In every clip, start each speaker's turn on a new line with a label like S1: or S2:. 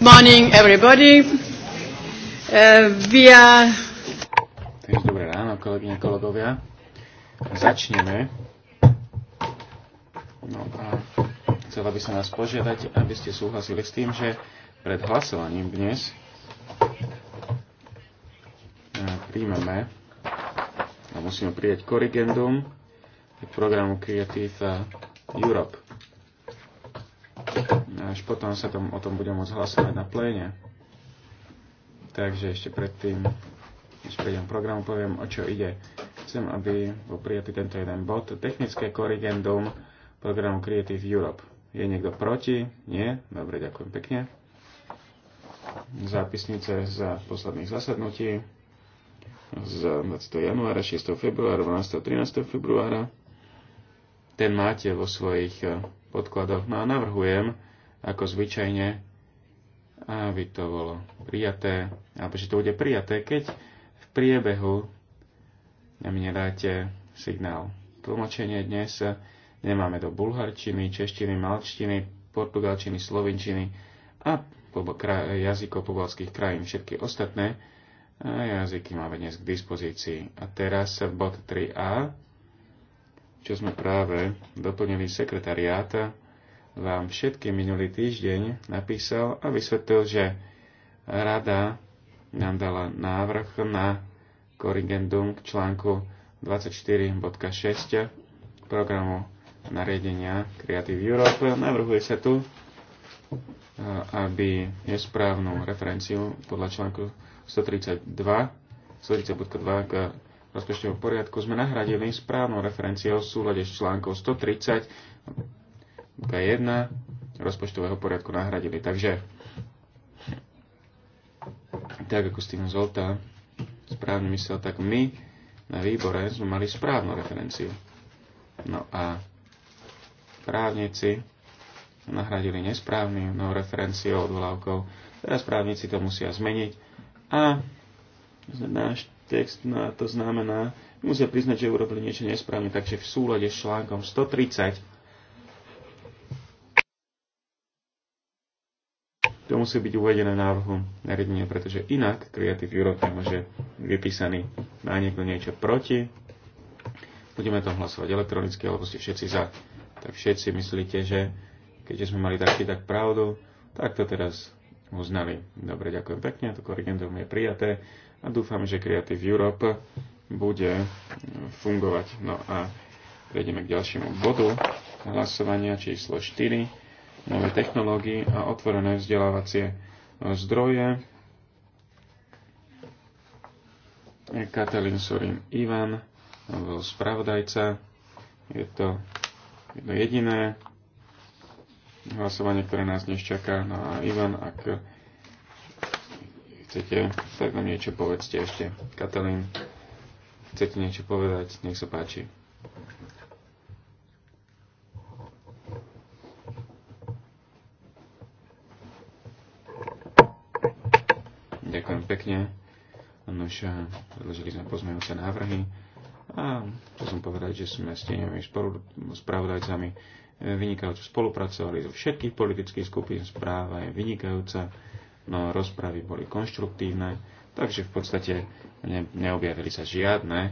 S1: morning, everybody. Uh, we are...
S2: Takže dobré ráno, kolegyne, kolegovia. Začneme. No a chcela by som vás požiadať, aby ste súhlasili s tým, že pred hlasovaním dnes eh, príjmeme a musíme prijať korigendum programu Creative Europe. Až potom sa tom, o tom budem môcť hlasovať na pléne. Takže ešte predtým, než prejdem programu, poviem, o čo ide. Chcem, aby bol prijatý tento jeden bod. Technické korrigendum programu Creative Europe. Je niekto proti? Nie? Dobre, ďakujem pekne. Zápisnice za posledných zasadnutí z 20. januára, 6. februára, 12. 13. februára ten máte vo svojich eh, podkladoch. No a navrhujem, ako zvyčajne, aby to bolo prijaté, alebo že to bude prijaté, keď v priebehu mne nedáte signál. Tlmočenie dnes eh, nemáme do bulharčiny, češtiny, malčtiny, portugalčiny, slovinčiny a jazykov pobalských krajín. Všetky ostatné eh, jazyky máme dnes k dispozícii. A teraz bod 3a čo sme práve doplnili sekretariáta, vám všetky minulý týždeň napísal a vysvetlil, že rada nám dala návrh na korigendum k článku 24.6 programu nariadenia Creative Europe. Navrhuje sa tu, eh, aby nesprávnu referenciu podľa článku 132 k rozpočtového poriadku sme nahradili správnou referenciou v súlade s článkom 130 K1 rozpočtového poriadku nahradili. Takže tak ako Stino Zolta správne myslel, tak my na výbore sme mali správnu referenciu. No a právnici nahradili no referenciou odvolávkou. Teraz právnici to musia zmeniť a náš text, no a to znamená, musia priznať, že urobili niečo nesprávne, takže v súlade s článkom 130 to musí byť uvedené v návrhu nariadenia, pretože inak Creative Europe môže vypísaný. Má niekto niečo proti? Budeme tam hlasovať elektronicky, alebo ste všetci za. Tak všetci myslíte, že keďže sme mali taký tak pravdu, tak to teraz uznali. Dobre, ďakujem pekne, to korigendum je prijaté a dúfam, že Creative Europe bude fungovať. No a prejdeme k ďalšiemu bodu hlasovania číslo 4, nové technológie a otvorené vzdelávacie zdroje. Katalin Sorin Ivan bol spravodajca. Je to jedno jediné hlasovanie, ktoré nás dnes čaká. No a Ivan, ak chcete, tak nám niečo povedzte ešte. Katalín, chcete niečo povedať? Nech sa páči. Ďakujem pekne. Nož, predložili sme pozmejúce návrhy a som povedať, že sme s tými spravodajcami eh, vynikajúco spolupracovali zo všetkých politických skupín. Správa je vynikajúca No rozpravy boli konštruktívne, takže v podstate ne, neobjavili sa žiadne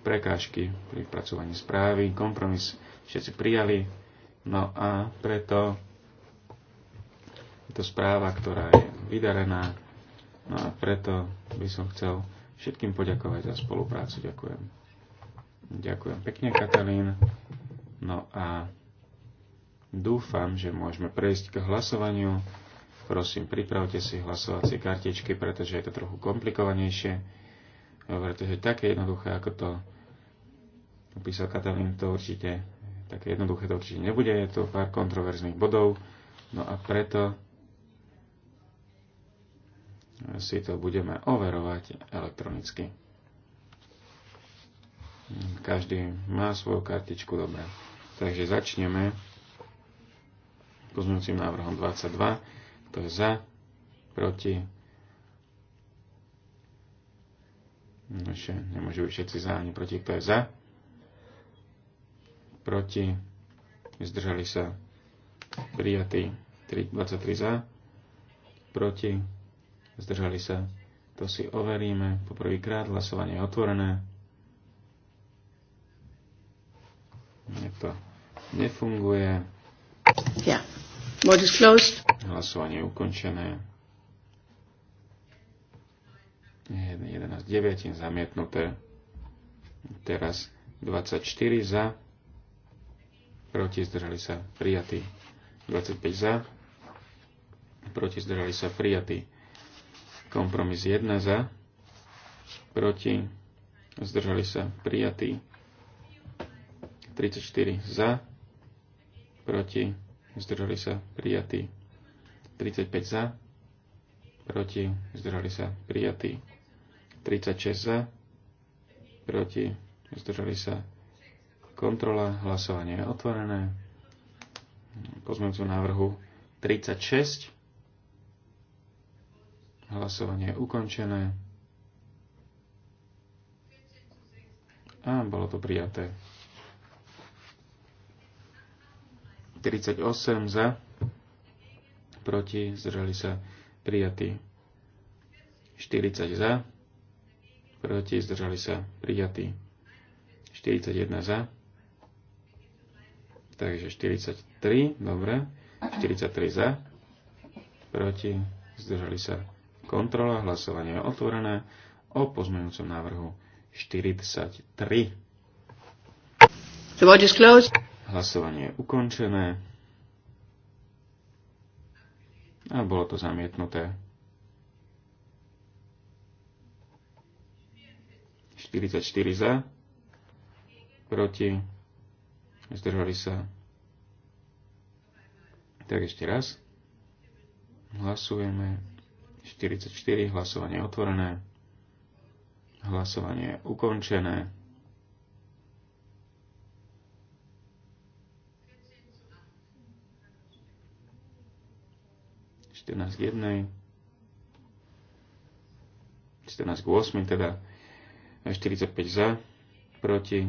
S2: prekážky pri pracovaní správy, kompromis všetci prijali, no a preto je to správa, ktorá je vydarená, no a preto by som chcel všetkým poďakovať za spoluprácu. Ďakujem. Ďakujem pekne, Katalín. No a dúfam, že môžeme prejsť k hlasovaniu. Prosím, pripravte si hlasovacie kartičky, pretože je to trochu komplikovanejšie. Pretože také jednoduché, ako to opísal Katalín, to určite také jednoduché to určite nebude. Je to pár kontroverzných bodov. No a preto si to budeme overovať elektronicky. Každý má svoju kartičku, dobre. Takže začneme pozmeňujúcim návrhom 22. Kto je za? Proti? No ešte nemôžu byť všetci za ani proti. Kto je za? Proti? Zdržali sa prijatí 23 za. Proti? Zdržali sa. To si overíme. Poprvýkrát hlasovanie je otvorené. Mne to nefunguje. Yeah.
S1: is closed.
S2: Hlasovanie je ukončené. 11 9 zamietnuté. Teraz 24 za. Proti zdržali sa prijatí. 25 za. Proti zdržali sa prijatí. Kompromis 1 za. Proti zdržali sa prijatí. 34 za. Proti zdržali sa prijatí. 35 za, proti, zdržali sa prijatí. 36 za, proti, zdržali sa kontrola, hlasovanie je otvorené. Pozmeňujúcu návrhu 36. Hlasovanie je ukončené. A bolo to prijaté. 38 za proti, zdržali sa prijatí. 40 za, proti, zdržali sa prijatí. 41 za, takže 43, dobre, 43 za, proti, zdržali sa kontrola, hlasovanie je otvorené o pozmeňujúcom návrhu 43. Hlasovanie je ukončené a bolo to zamietnuté. 44 za, proti, zdržali sa. Tak ešte raz. Hlasujeme. 44, hlasovanie otvorené. Hlasovanie ukončené. 14 k 1, 14 k 8, teda 45 za, proti,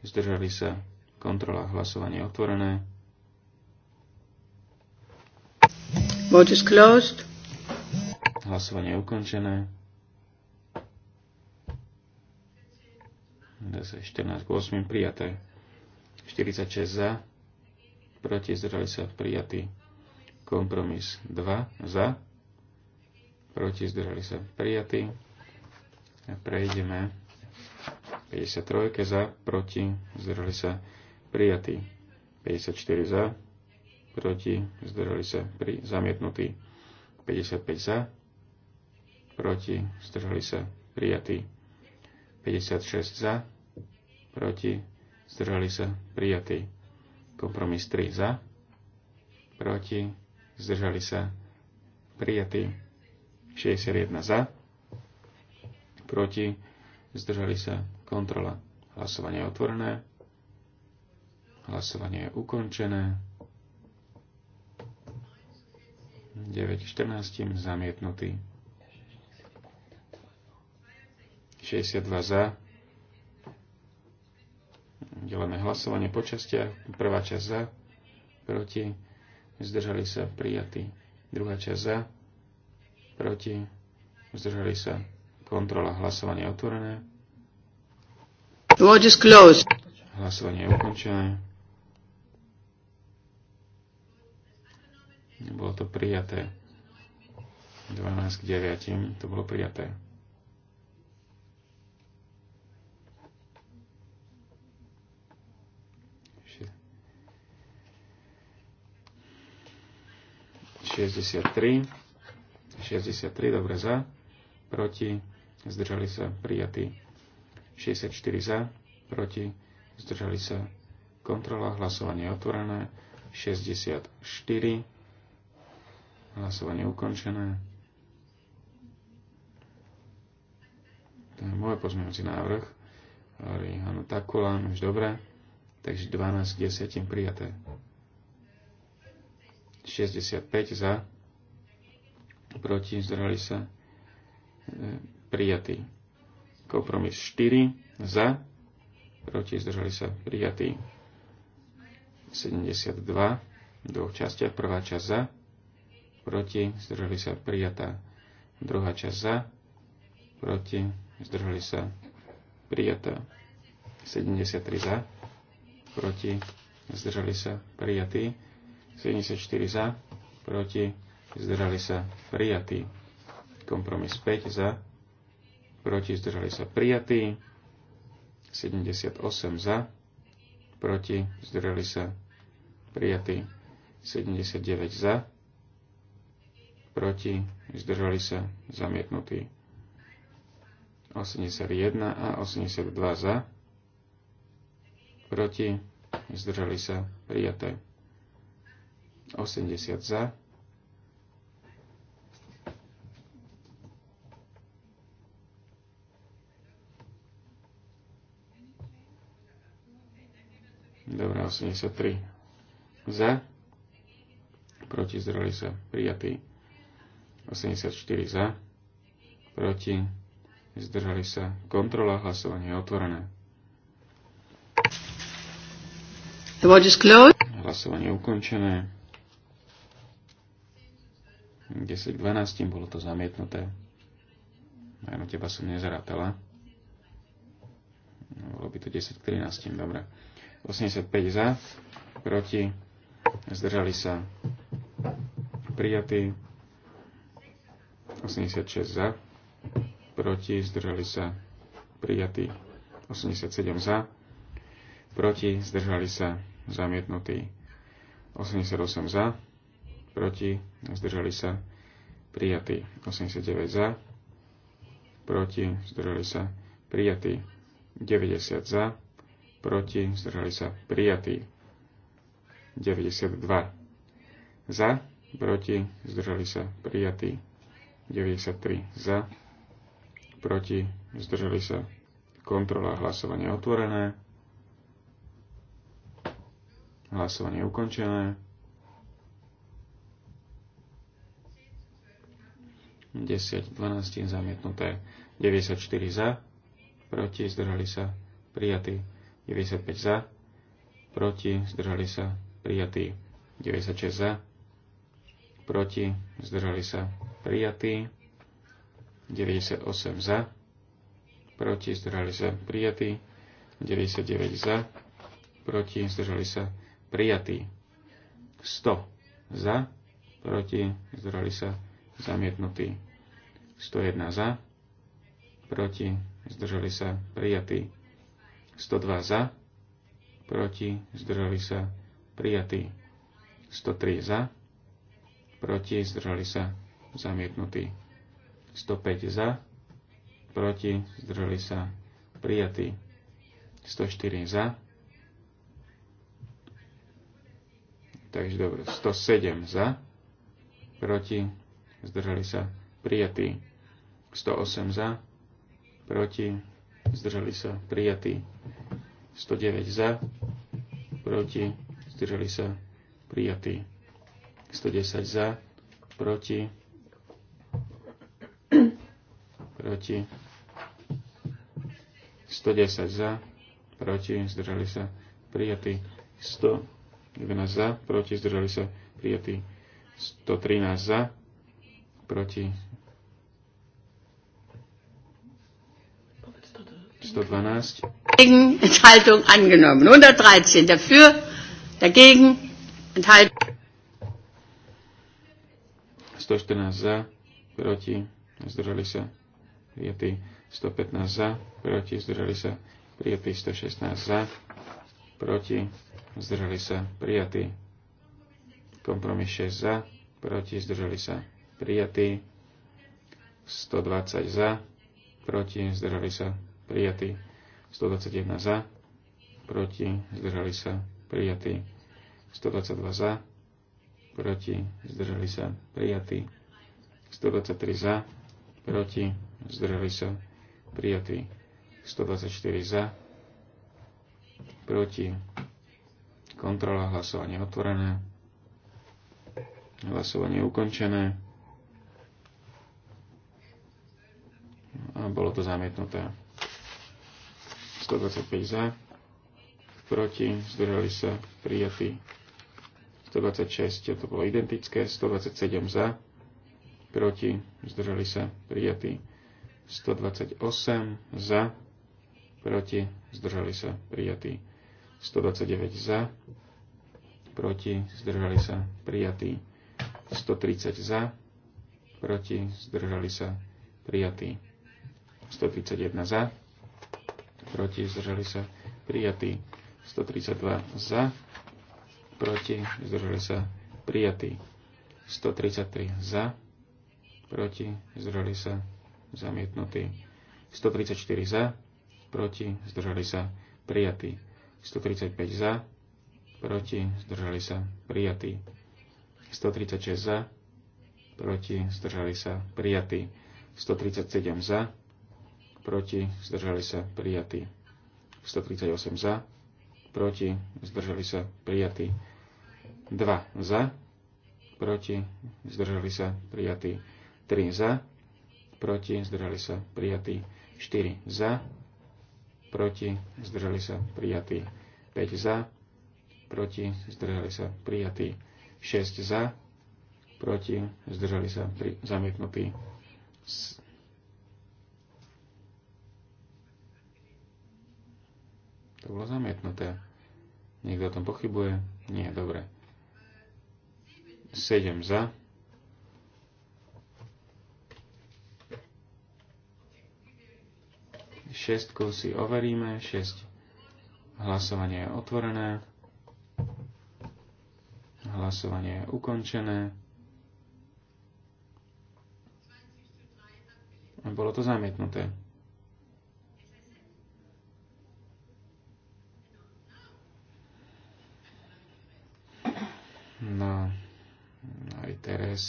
S2: zdržali sa, kontrola hlasovanie otvorené.
S1: Vote is closed.
S2: Hlasovanie je ukončené. Zase 14 k 8 prijaté. 46 za, proti, zdržali sa, prijatí. Kompromis 2 za. Proti zdržali sa prijatí. A prejdeme 53 za, proti, zdržali sa prijatí. 54 za, proti, zdržali sa pri, zamietnutí. 55 za, proti, zdržali sa prijatí. 56 za, proti, zdržali sa prijatí. Kompromis 3 za, proti, zdržali sa prijatí 61 za, proti, zdržali sa kontrola. Hlasovanie je otvorené, hlasovanie je ukončené, 9 14 zamietnutý. 62 za, delené hlasovanie po častiach, prvá časť za, proti, zdržali sa prijatí. Druhá časť za, proti, zdržali sa kontrola hlasovania otvorené. Hlasovanie je ukončené. Bolo to prijaté. 12 k 9, to bolo prijaté. 63. 63, dobre za. Proti. Zdržali sa prijatí. 64 za. Proti. Zdržali sa. Kontrola. Hlasovanie otvorené. 64. Hlasovanie ukončené. To je môj pozmeňujúci návrh. takú len, už dobre. Takže 12 10 prijaté. 65 e, za, proti, zdržali sa, prijatý. Kompromis 4 za, proti, zdržali sa, prijatý. 72 v dvoch častiach, prvá časť za, proti, zdržali sa, prijatá. Druhá časť za, proti, zdržali sa, prijatá. 73 za, proti, zdržali sa, prijatý. 74 za, proti, zdržali sa prijatí. Kompromis 5 za, proti, zdržali sa prijatí. 78 za, proti, zdržali sa prijatí. 79 za, proti, zdržali sa zamietnutí. 81 a 82 za, proti, zdržali sa prijaté. 80 za. Dobre, 83 za. Proti zdroli sa prijatí. 84 za. Proti zdržali sa. Kontrola hlasovanie je otvorené. Hlasovanie je ukončené. 10 k 12, bolo to zamietnuté. Aj na teba som nezarátala. No, bolo by to 10 k 13, dobre. 85 za, proti, zdržali sa prijatí. 86 za, proti, zdržali sa prijatí. 87 za, proti, zdržali sa zamietnutí. 88 za, proti, zdržali sa prijatí. 89 za, proti, zdržali sa prijatí. 90 za, proti, zdržali sa prijatí. 92 za, proti, zdržali sa prijatí. 93 za, proti, zdržali sa kontrola hlasovanie otvorené, hlasovanie ukončené. 10, 12 zamietnuté, 94 za, proti, zdržali sa, prijatí, 95 za, proti, zdržali sa, prijatí, 96 za, proti, zdržali sa, prijatí, 98 za, proti, zdržali sa, prijatí, 99 za, proti, zdržali sa, prijatí, 100 za, proti, zdržali sa, prijatí, zamietnutý. 101 za, proti, zdržali sa, prijatý. 102 za, proti, zdržali sa, prijatý. 103 za, proti, zdržali sa, zamietnutý. 105 za, proti, zdržali sa, prijatý. 104 za, takže dobre, 107 za, proti, zdržali sa prijatí. 108 za, proti, zdržali sa prijatí. 109 za, proti, zdržali sa prijatí. 110 za, proti, proti, 110 za, proti, zdržali sa prijatí. 111 za, proti, zdržali sa prijatí. 113 za, proti 112.
S3: Enthaltung angenommen. 113 dafür, dagegen,
S2: Enthaltung. 114 za, proti, zdržali sa, prijatý. 115 za, proti, zdržali sa, prijatý. 116 za, proti, zdržali sa, prijatý. Kompromis 6 za, proti, zdržali sa, prijatý. 120 za, proti, zdržali sa, prijatý. 121 za, proti, zdržali sa, prijatý. 122 za, proti, zdržali sa, prijatý. 123 za, proti, zdržali sa, prijatý. 124 za, proti, kontrola, hlasovanie otvorené, hlasovanie ukončené, bolo to zamietnuté. 125 za, proti, zdržali sa, prijatí. 126, to bolo identické, 127 za, proti, zdržali sa, prijatí. 128 za, proti, zdržali sa, prijatí. 129 za, proti, zdržali sa, prijatí. 130 za, proti, zdržali sa, prijatí. 131 za, proti, zdržali sa prijatí, 132 za, proti, zdržali sa prijatí, 133 za, proti, zdržali sa zamietnutí, 134 za, proti, zdržali sa prijatí, 135 za, proti, zdržali sa prijatí, 136 za, proti, zdržali sa prijatí, 137 za, proti, zdržali sa prijatí. 138 za, proti, zdržali sa prijatí. 2 za, proti, zdržali sa prijatí. 3 za, proti, zdržali sa prijatí. 4 za, proti, zdržali sa prijatí. 5 za, proti, zdržali sa prijatí. 6 za, proti, zdržali sa pri, zamietnutí. To bolo zamietnuté. Niekto o tom pochybuje? Nie, dobre. 7 za. Šestku si overíme, 6. Hlasovanie je otvorené. Hlasovanie je ukončené. Bolo to zamietnuté. No, aj teraz.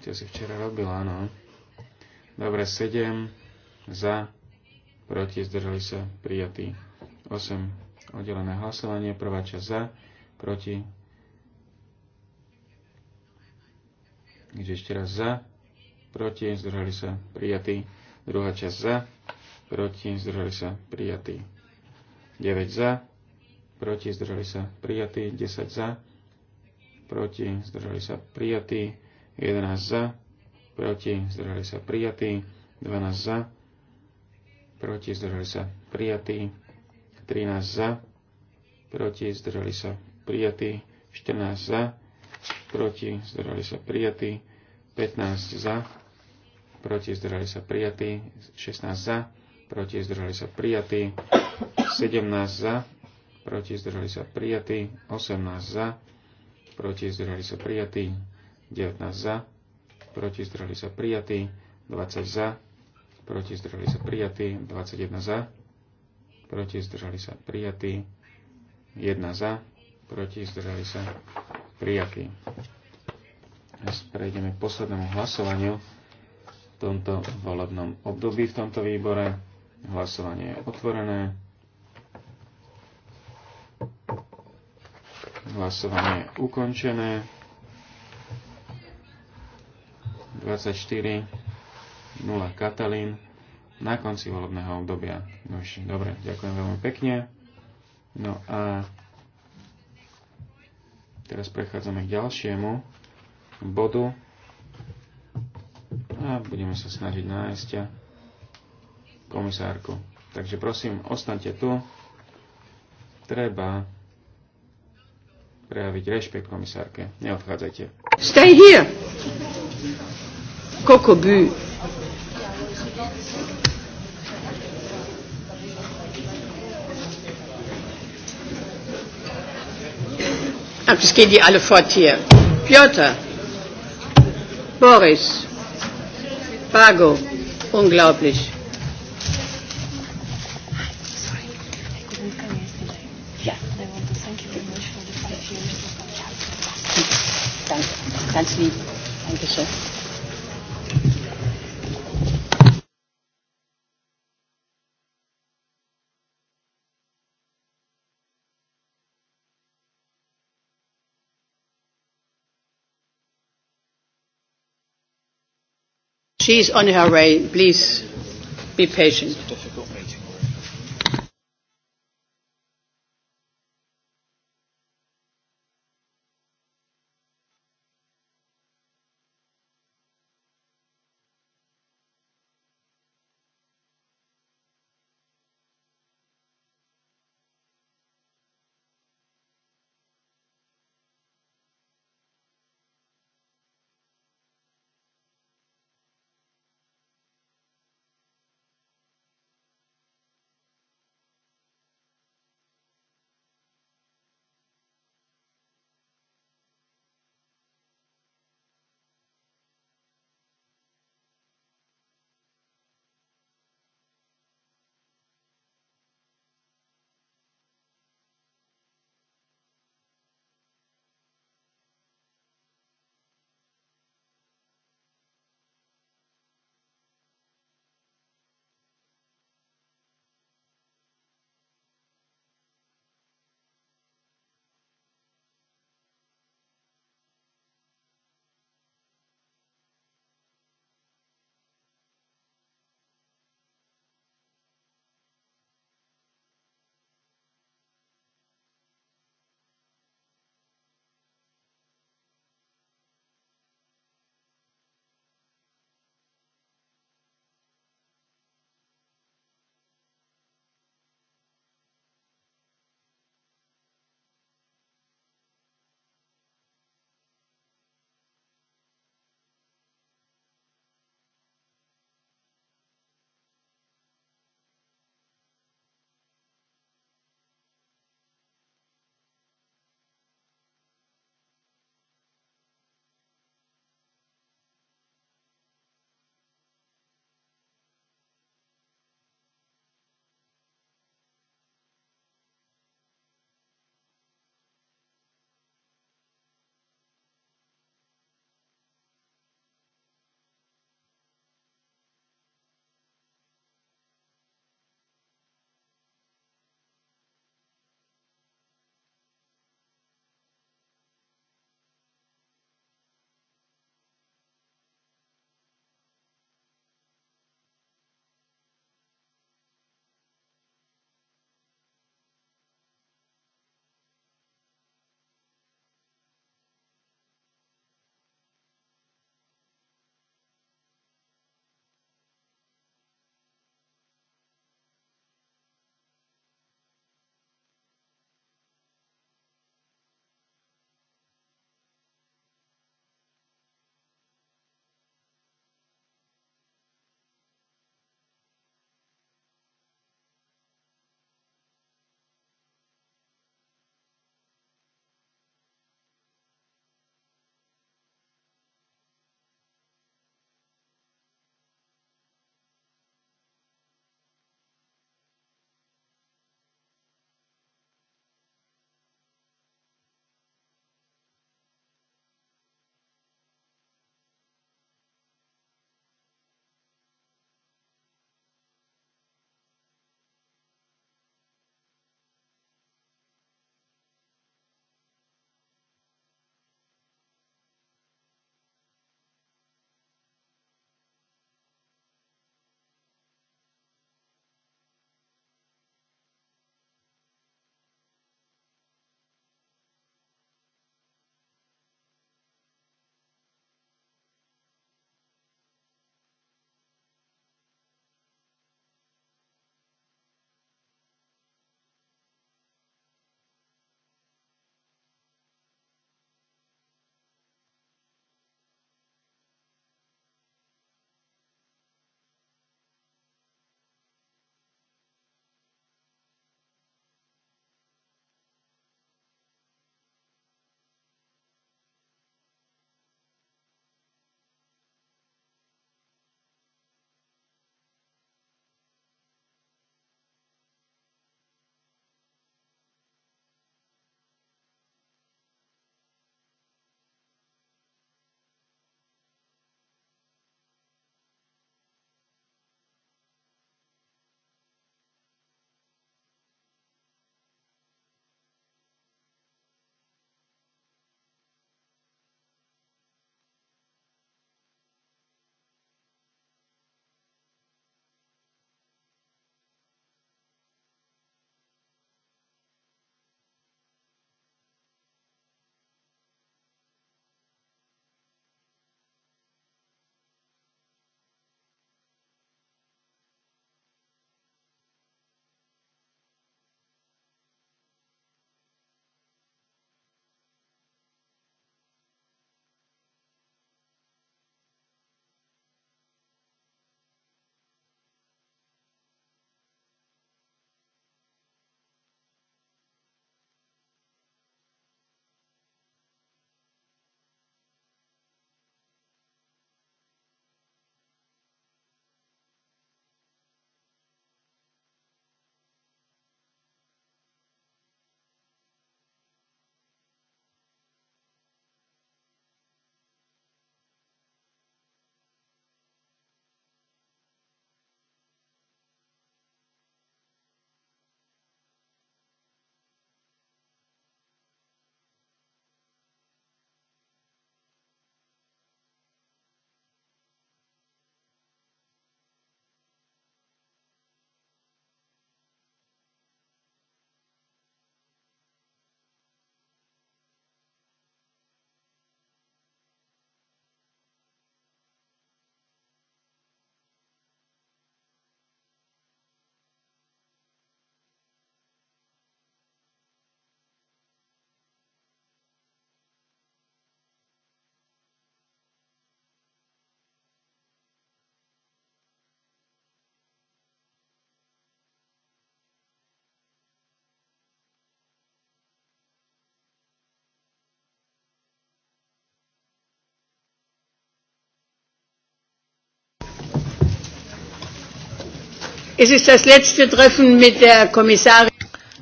S2: Čo si včera robil, áno. Dobre, 7 za, proti, zdržali sa, prijatí. 8 oddelené hlasovanie, prvá časť za, proti. Takže ešte raz za, proti, zdržali sa, prijatí. Druhá časť za, proti, zdržali sa, prijatí. 9 za, proti, zdržali sa prijatí, 10 za, proti, zdržali sa prijatí, 11 za, proti, zdržali sa prijatí, 12 za, proti, zdržali sa prijatí, 13 za, proti, zdržali sa prijatí, 14 za, proti, zdržali sa prijatí, 15 za, proti, zdržali sa prijatí, 16 za, proti, zdržali sa prijatí, 17 za, proti zdržali sa prijatí, 18 za, proti zdržali sa prijatí, 19 za, proti zdržali sa prijatí, 20 za, proti zdržali sa prijatí, 21 za, proti zdržali sa prijatí, 1 za, proti zdržali sa prijatí. Dnes prejdeme k poslednému hlasovaniu v tomto volebnom období v tomto výbore. Hlasovanie je otvorené. Hlasovanie ukončené. 24 0 Katalín na konci volebného obdobia. No už, dobre, ďakujem veľmi pekne. No a teraz prechádzame k ďalšiemu bodu a budeme sa snažiť nájsť komisárku. Takže prosím, ostaňte tu. Treba prejaviť rešpekt komisárke. Neodchádzajte.
S1: Stay here! Koko by. Ach, das geht die alle fort hier. Piotr, Boris, Pago, unglaublich. ganz lieb. Dankeschön.
S3: She's on her way. Please be patient.
S2: It's a difficult meeting.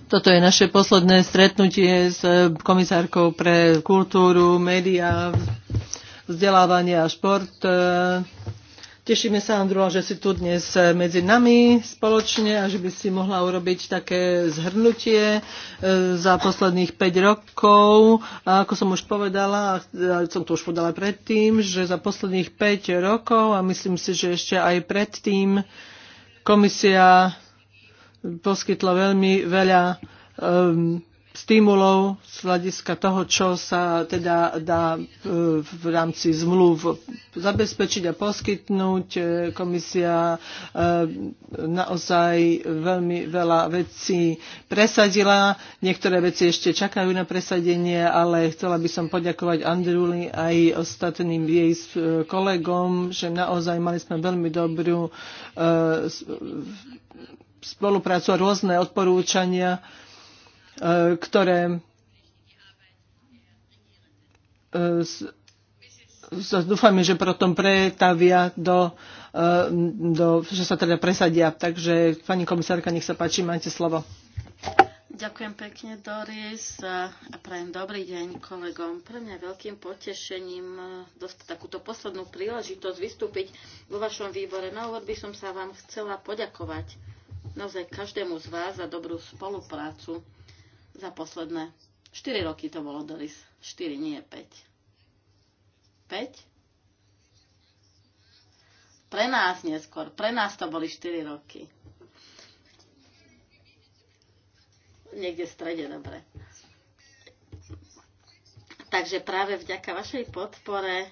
S1: Toto je naše posledné stretnutie s eh, komisárkou pre kultúru, médiá, vzdelávanie a šport. Eh, tešíme sa, Andrula, že si tu dnes eh, medzi nami spoločne a že by si mohla urobiť také zhrnutie za posledných 5 rokov. A ako som už povedala, a som to už povedala predtým, že za posledných 5 rokov a myslím si, že ešte aj predtým, Komisia poskytla veľmi veľa um, stimulov z hľadiska toho, čo sa teda dá e, v rámci zmluv zabezpečiť a poskytnúť. E, komisia e, naozaj veľmi veľa vecí presadila. Niektoré veci ešte čakajú na presadenie, ale chcela by som poďakovať Andruli aj ostatným jej kolegom, že naozaj mali sme veľmi dobrú spoluprácu a rôzne odporúčania E, ktoré e, dúfame, že potom pretavia do, e, do, že sa teda presadia. Takže, pani komisárka, nech sa páči, máte slovo.
S3: Ďakujem pekne, Doris, a prajem dobrý deň kolegom. Pre mňa veľkým potešením dostať takúto poslednú príležitosť vystúpiť vo vašom výbore. Na úvod by som sa vám chcela poďakovať naozaj každému z vás za dobrú spoluprácu za posledné 4 roky to bolo Doris. 4, nie 5. 5? Pre nás neskôr. Pre nás to boli 4 roky. Niekde v strede, dobre. Takže práve vďaka vašej podpore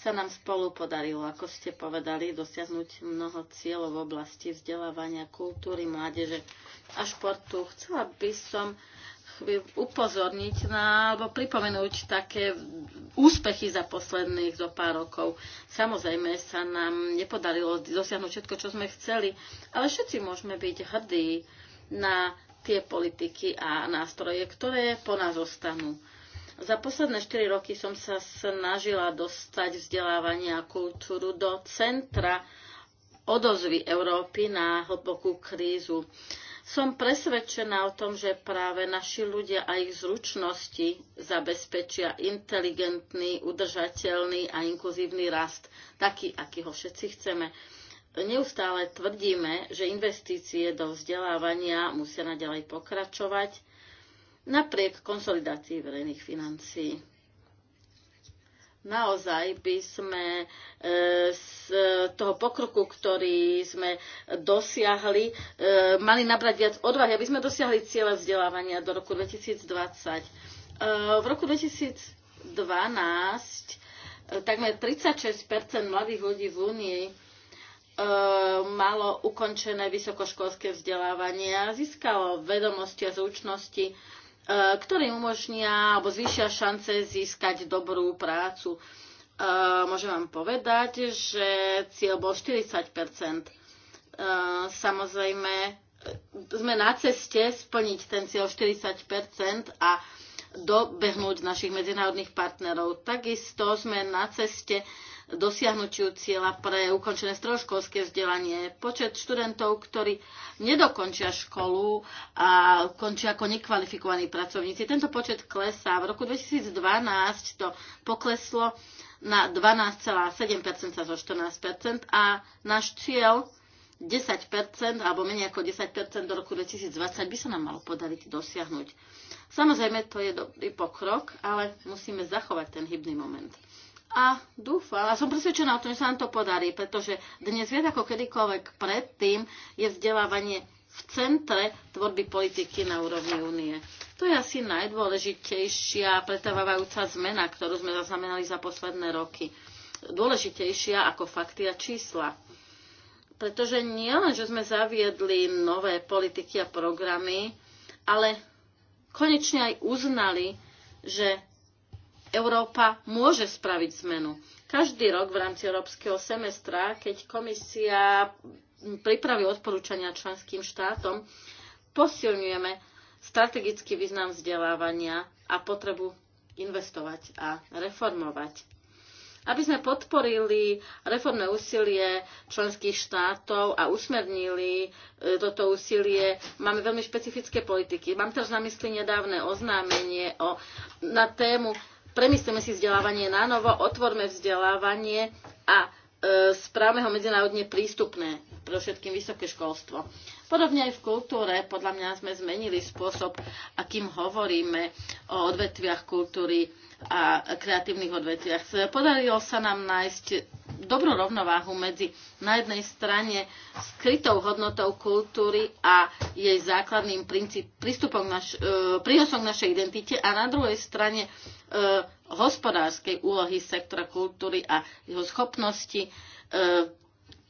S3: sa nám spolu podarilo, ako ste povedali, dosiahnuť mnoho cieľov v oblasti vzdelávania, kultúry, mládeže a športu. Chcela by som upozorniť na, alebo pripomenúť také úspechy za posledných zo pár rokov. Samozrejme sa nám nepodarilo dosiahnuť všetko, čo sme chceli, ale všetci môžeme byť hrdí na tie politiky a nástroje, ktoré po nás zostanú. Za posledné 4 roky som sa snažila dostať vzdelávanie a kultúru do centra odozvy Európy na hlbokú krízu. Som presvedčená o tom, že práve naši ľudia a ich zručnosti zabezpečia inteligentný, udržateľný a inkluzívny rast, taký, aký ho všetci chceme. Neustále tvrdíme, že investície do vzdelávania musia naďalej pokračovať napriek konsolidácii verejných financií naozaj by sme e, z toho pokroku, ktorý sme dosiahli, e, mali nabrať viac odvahy, aby sme dosiahli cieľa vzdelávania do roku 2020. E, v roku 2012 takmer 36 mladých ľudí v Únii malo ukončené vysokoškolské vzdelávanie a získalo vedomosti a zručnosti E, ktoré im umožnia alebo zvýšia šance získať dobrú prácu. E, môžem vám povedať, že cieľ bol 40 e, Samozrejme, sme na ceste splniť ten cieľ 40 a dobehnúť našich medzinárodných partnerov. Takisto sme na ceste dosiahnutiu cieľa pre ukončené stroškolské vzdelanie. Počet študentov, ktorí nedokončia školu a končia ako nekvalifikovaní pracovníci. Tento počet klesá. V roku 2012 to pokleslo na 12,7% zo 14% a náš cieľ 10% alebo menej ako 10% do roku 2020 by sa nám malo podariť dosiahnuť. Samozrejme, to je dobrý pokrok, ale musíme zachovať ten hybný moment a dúfam, a som presvedčená o tom, že sa nám to podarí, pretože dnes viac ako kedykoľvek predtým je vzdelávanie v centre tvorby politiky na úrovni únie. To je asi najdôležitejšia pretávajúca zmena, ktorú sme zaznamenali za posledné roky. Dôležitejšia ako fakty a čísla. Pretože nie len, že sme zaviedli nové politiky a programy, ale konečne aj uznali, že Európa môže spraviť zmenu. Každý rok v rámci európskeho semestra, keď komisia pripraví odporúčania členským štátom, posilňujeme strategický význam vzdelávania a potrebu investovať a reformovať. Aby sme podporili reformné úsilie členských štátov a usmernili e, toto úsilie, máme veľmi špecifické politiky. Mám teraz na mysli nedávne oznámenie o, na tému premyslíme si vzdelávanie na novo, otvorme vzdelávanie a e, správme ho medzinárodne prístupné, pre všetkým vysoké školstvo. Podobne aj v kultúre, podľa mňa sme zmenili spôsob, akým hovoríme o odvetviach kultúry a kreatívnych odvetviach. Podarilo sa nám nájsť dobrú rovnováhu medzi na jednej strane skrytou hodnotou kultúry a jej základným princípom prístupom naš, e, prínosom k našej identite a na druhej strane e, hospodárskej úlohy sektora kultúry a jeho schopnosti e,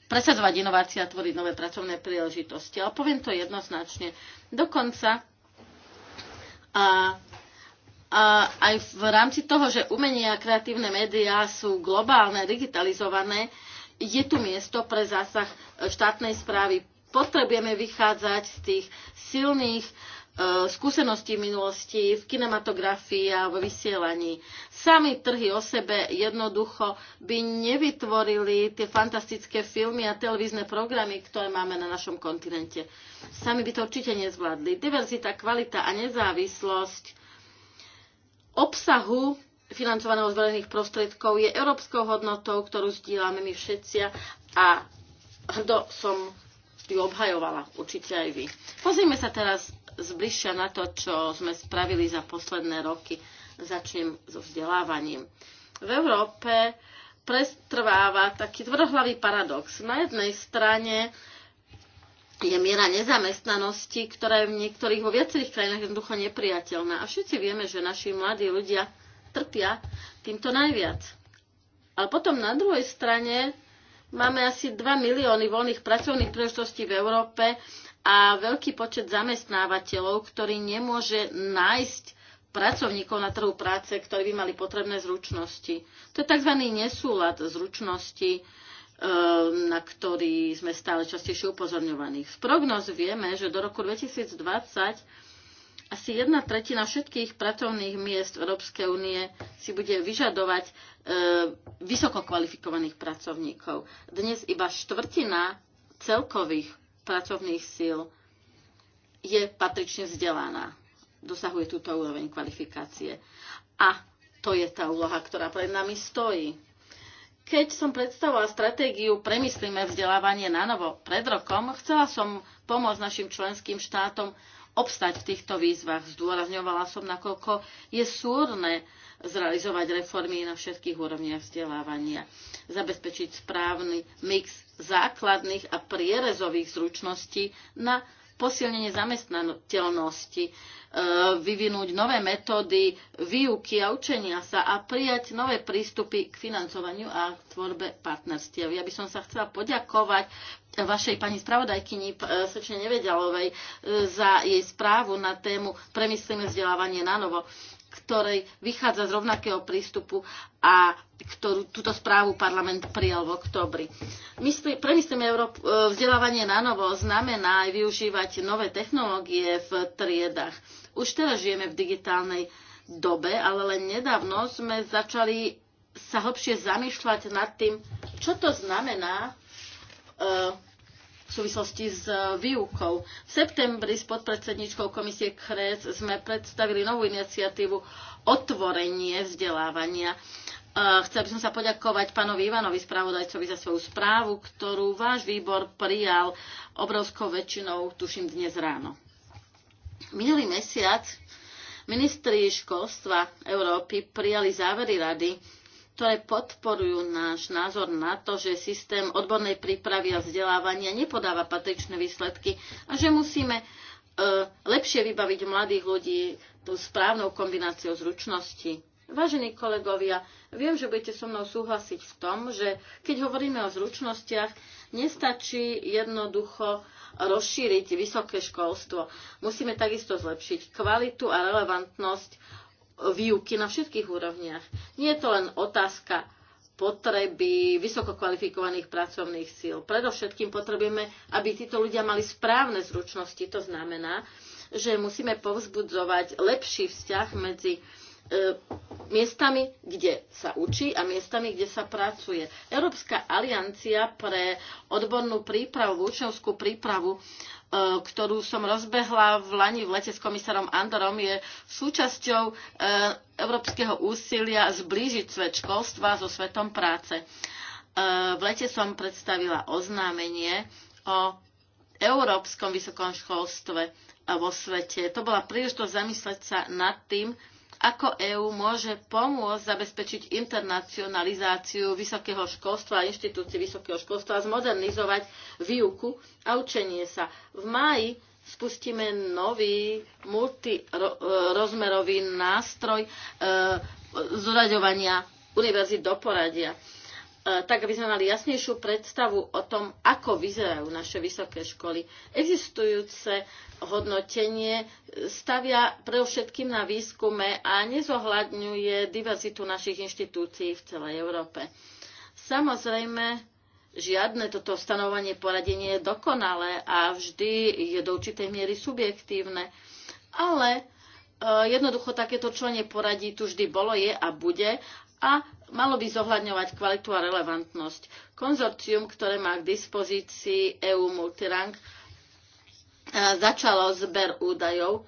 S3: presadzovať inovácie a tvoriť nové pracovné príležitosti. Ale poviem to jednoznačne. Dokonca a a aj v rámci toho, že umenie a kreatívne médiá sú globálne, digitalizované, je tu miesto pre zásah štátnej správy. Potrebujeme vychádzať z tých silných e, skúseností minulosti v kinematografii a vo vysielaní. Sami trhy o sebe jednoducho by nevytvorili tie fantastické filmy a televízne programy, ktoré máme na našom kontinente. Sami by to určite nezvládli. Diverzita, kvalita a nezávislosť obsahu financovaného z verejných prostriedkov je európskou hodnotou, ktorú sdílame my všetci a hrdo som ju obhajovala, určite aj vy. Pozrime sa teraz zbližšia na to, čo sme spravili za posledné roky. Začnem so vzdelávaním. V Európe prestrváva taký tvrdohlavý paradox. Na jednej strane je miera nezamestnanosti, ktorá je v niektorých, vo viacerých krajinách jednoducho nepriateľná. A všetci vieme, že naši mladí ľudia trpia týmto najviac. Ale potom na druhej strane máme asi 2 milióny voľných pracovných príležitostí v Európe a veľký počet zamestnávateľov, ktorý nemôže nájsť pracovníkov na trhu práce, ktorí by mali potrebné zručnosti. To je tzv. nesúlad zručnosti Ehm, na ktorý sme stále častejšie upozorňovaní. Z prognoz vieme, že do roku 2020 asi jedna tretina všetkých pracovných miest Európskej únie si bude vyžadovať ehm, vysoko kvalifikovaných pracovníkov. Dnes iba štvrtina celkových pracovných síl je patrične vzdelaná. Dosahuje túto úroveň kvalifikácie. A to je tá úloha, ktorá pred nami stojí keď som predstavovala stratégiu Premyslíme vzdelávanie na novo pred rokom, chcela som pomôcť našim členským štátom obstať v týchto výzvach. Zdôrazňovala som, nakoľko je súrne zrealizovať reformy na všetkých úrovniach vzdelávania, zabezpečiť správny mix základných a prierezových zručností na posilnenie zamestnateľnosti, e, vyvinúť nové metódy výuky a učenia sa a prijať nové prístupy k financovaniu a tvorbe partnerstiev. Ja by som sa chcela poďakovať vašej pani spravodajkyni e, Sečne Nevedialovej e, za jej správu na tému Premyslíme vzdelávanie na novo ktorej vychádza z rovnakého prístupu a ktorú túto správu parlament prijal v oktobri. Myslí, premyslíme Európ, e, vzdelávanie na novo znamená aj využívať nové technológie v triedach. Už teraz žijeme v digitálnej dobe, ale len nedávno sme začali sa hlbšie zamýšľať nad tým, čo to znamená e, v súvislosti s e, výukou. V septembri s podpredsedničkou komisie KRES sme predstavili novú iniciatívu Otvorenie vzdelávania. E, chcel by som sa poďakovať pánovi Ivanovi, spravodajcovi, za svoju správu, ktorú váš výbor prijal obrovskou väčšinou, tuším, dnes ráno. Minulý mesiac ministri školstva Európy prijali závery rady ktoré podporujú náš názor na to, že systém odbornej prípravy a vzdelávania nepodáva patričné výsledky a že musíme e, lepšie vybaviť mladých ľudí tú správnou kombináciou zručností. Vážení kolegovia, viem, že budete so mnou súhlasiť v tom, že keď hovoríme o zručnostiach, nestačí jednoducho rozšíriť vysoké školstvo. Musíme takisto zlepšiť kvalitu a relevantnosť výuky na všetkých úrovniach. Nie je to len otázka potreby vysoko kvalifikovaných pracovných síl. Predovšetkým potrebujeme, aby títo ľudia mali správne zručnosti. To znamená, že musíme povzbudzovať lepší vzťah medzi E, miestami, kde sa učí a miestami, kde sa pracuje. Európska aliancia pre odbornú prípravu, učňovskú prípravu, e, ktorú som rozbehla v Lani v lete s komisárom Andorom, je súčasťou e, európskeho úsilia zblížiť svet školstva so svetom práce. V lete som predstavila oznámenie o európskom vysokom školstve vo svete. To bola príležitosť zamysleť sa nad tým, ako EÚ môže pomôcť zabezpečiť internacionalizáciu vysokého školstva a inštitúcií vysokého školstva a zmodernizovať výuku a učenie sa? V máji spustíme nový multirozmerový nástroj e, zoraďovania univerzit do poradia. E, tak aby sme mali jasnejšiu predstavu o tom, ako vyzerajú naše vysoké školy. Existujúce hodnotenie stavia pre všetkým na výskume a nezohľadňuje diverzitu našich inštitúcií v celej Európe. Samozrejme, žiadne toto stanovanie poradenie je dokonalé a vždy je do určitej miery subjektívne, ale e, jednoducho takéto členie poradí tu vždy bolo, je a bude a malo by zohľadňovať kvalitu a relevantnosť. Konzorcium, ktoré má k dispozícii EU Multirank, e, začalo zber údajov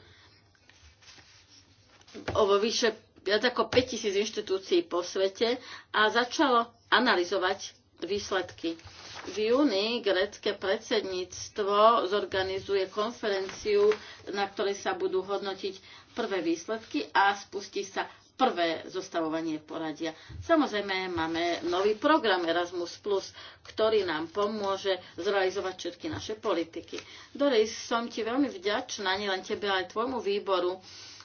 S3: o vyše viac ako 5000 inštitúcií po svete a začalo analyzovať výsledky. V júni grécke predsedníctvo zorganizuje konferenciu, na ktorej sa budú hodnotiť prvé výsledky a spustí sa prvé zostavovanie poradia. Samozrejme, máme nový program Erasmus+, ktorý nám pomôže zrealizovať všetky naše politiky. Doris, som ti veľmi vďačná, nielen tebe, ale aj tvojmu výboru,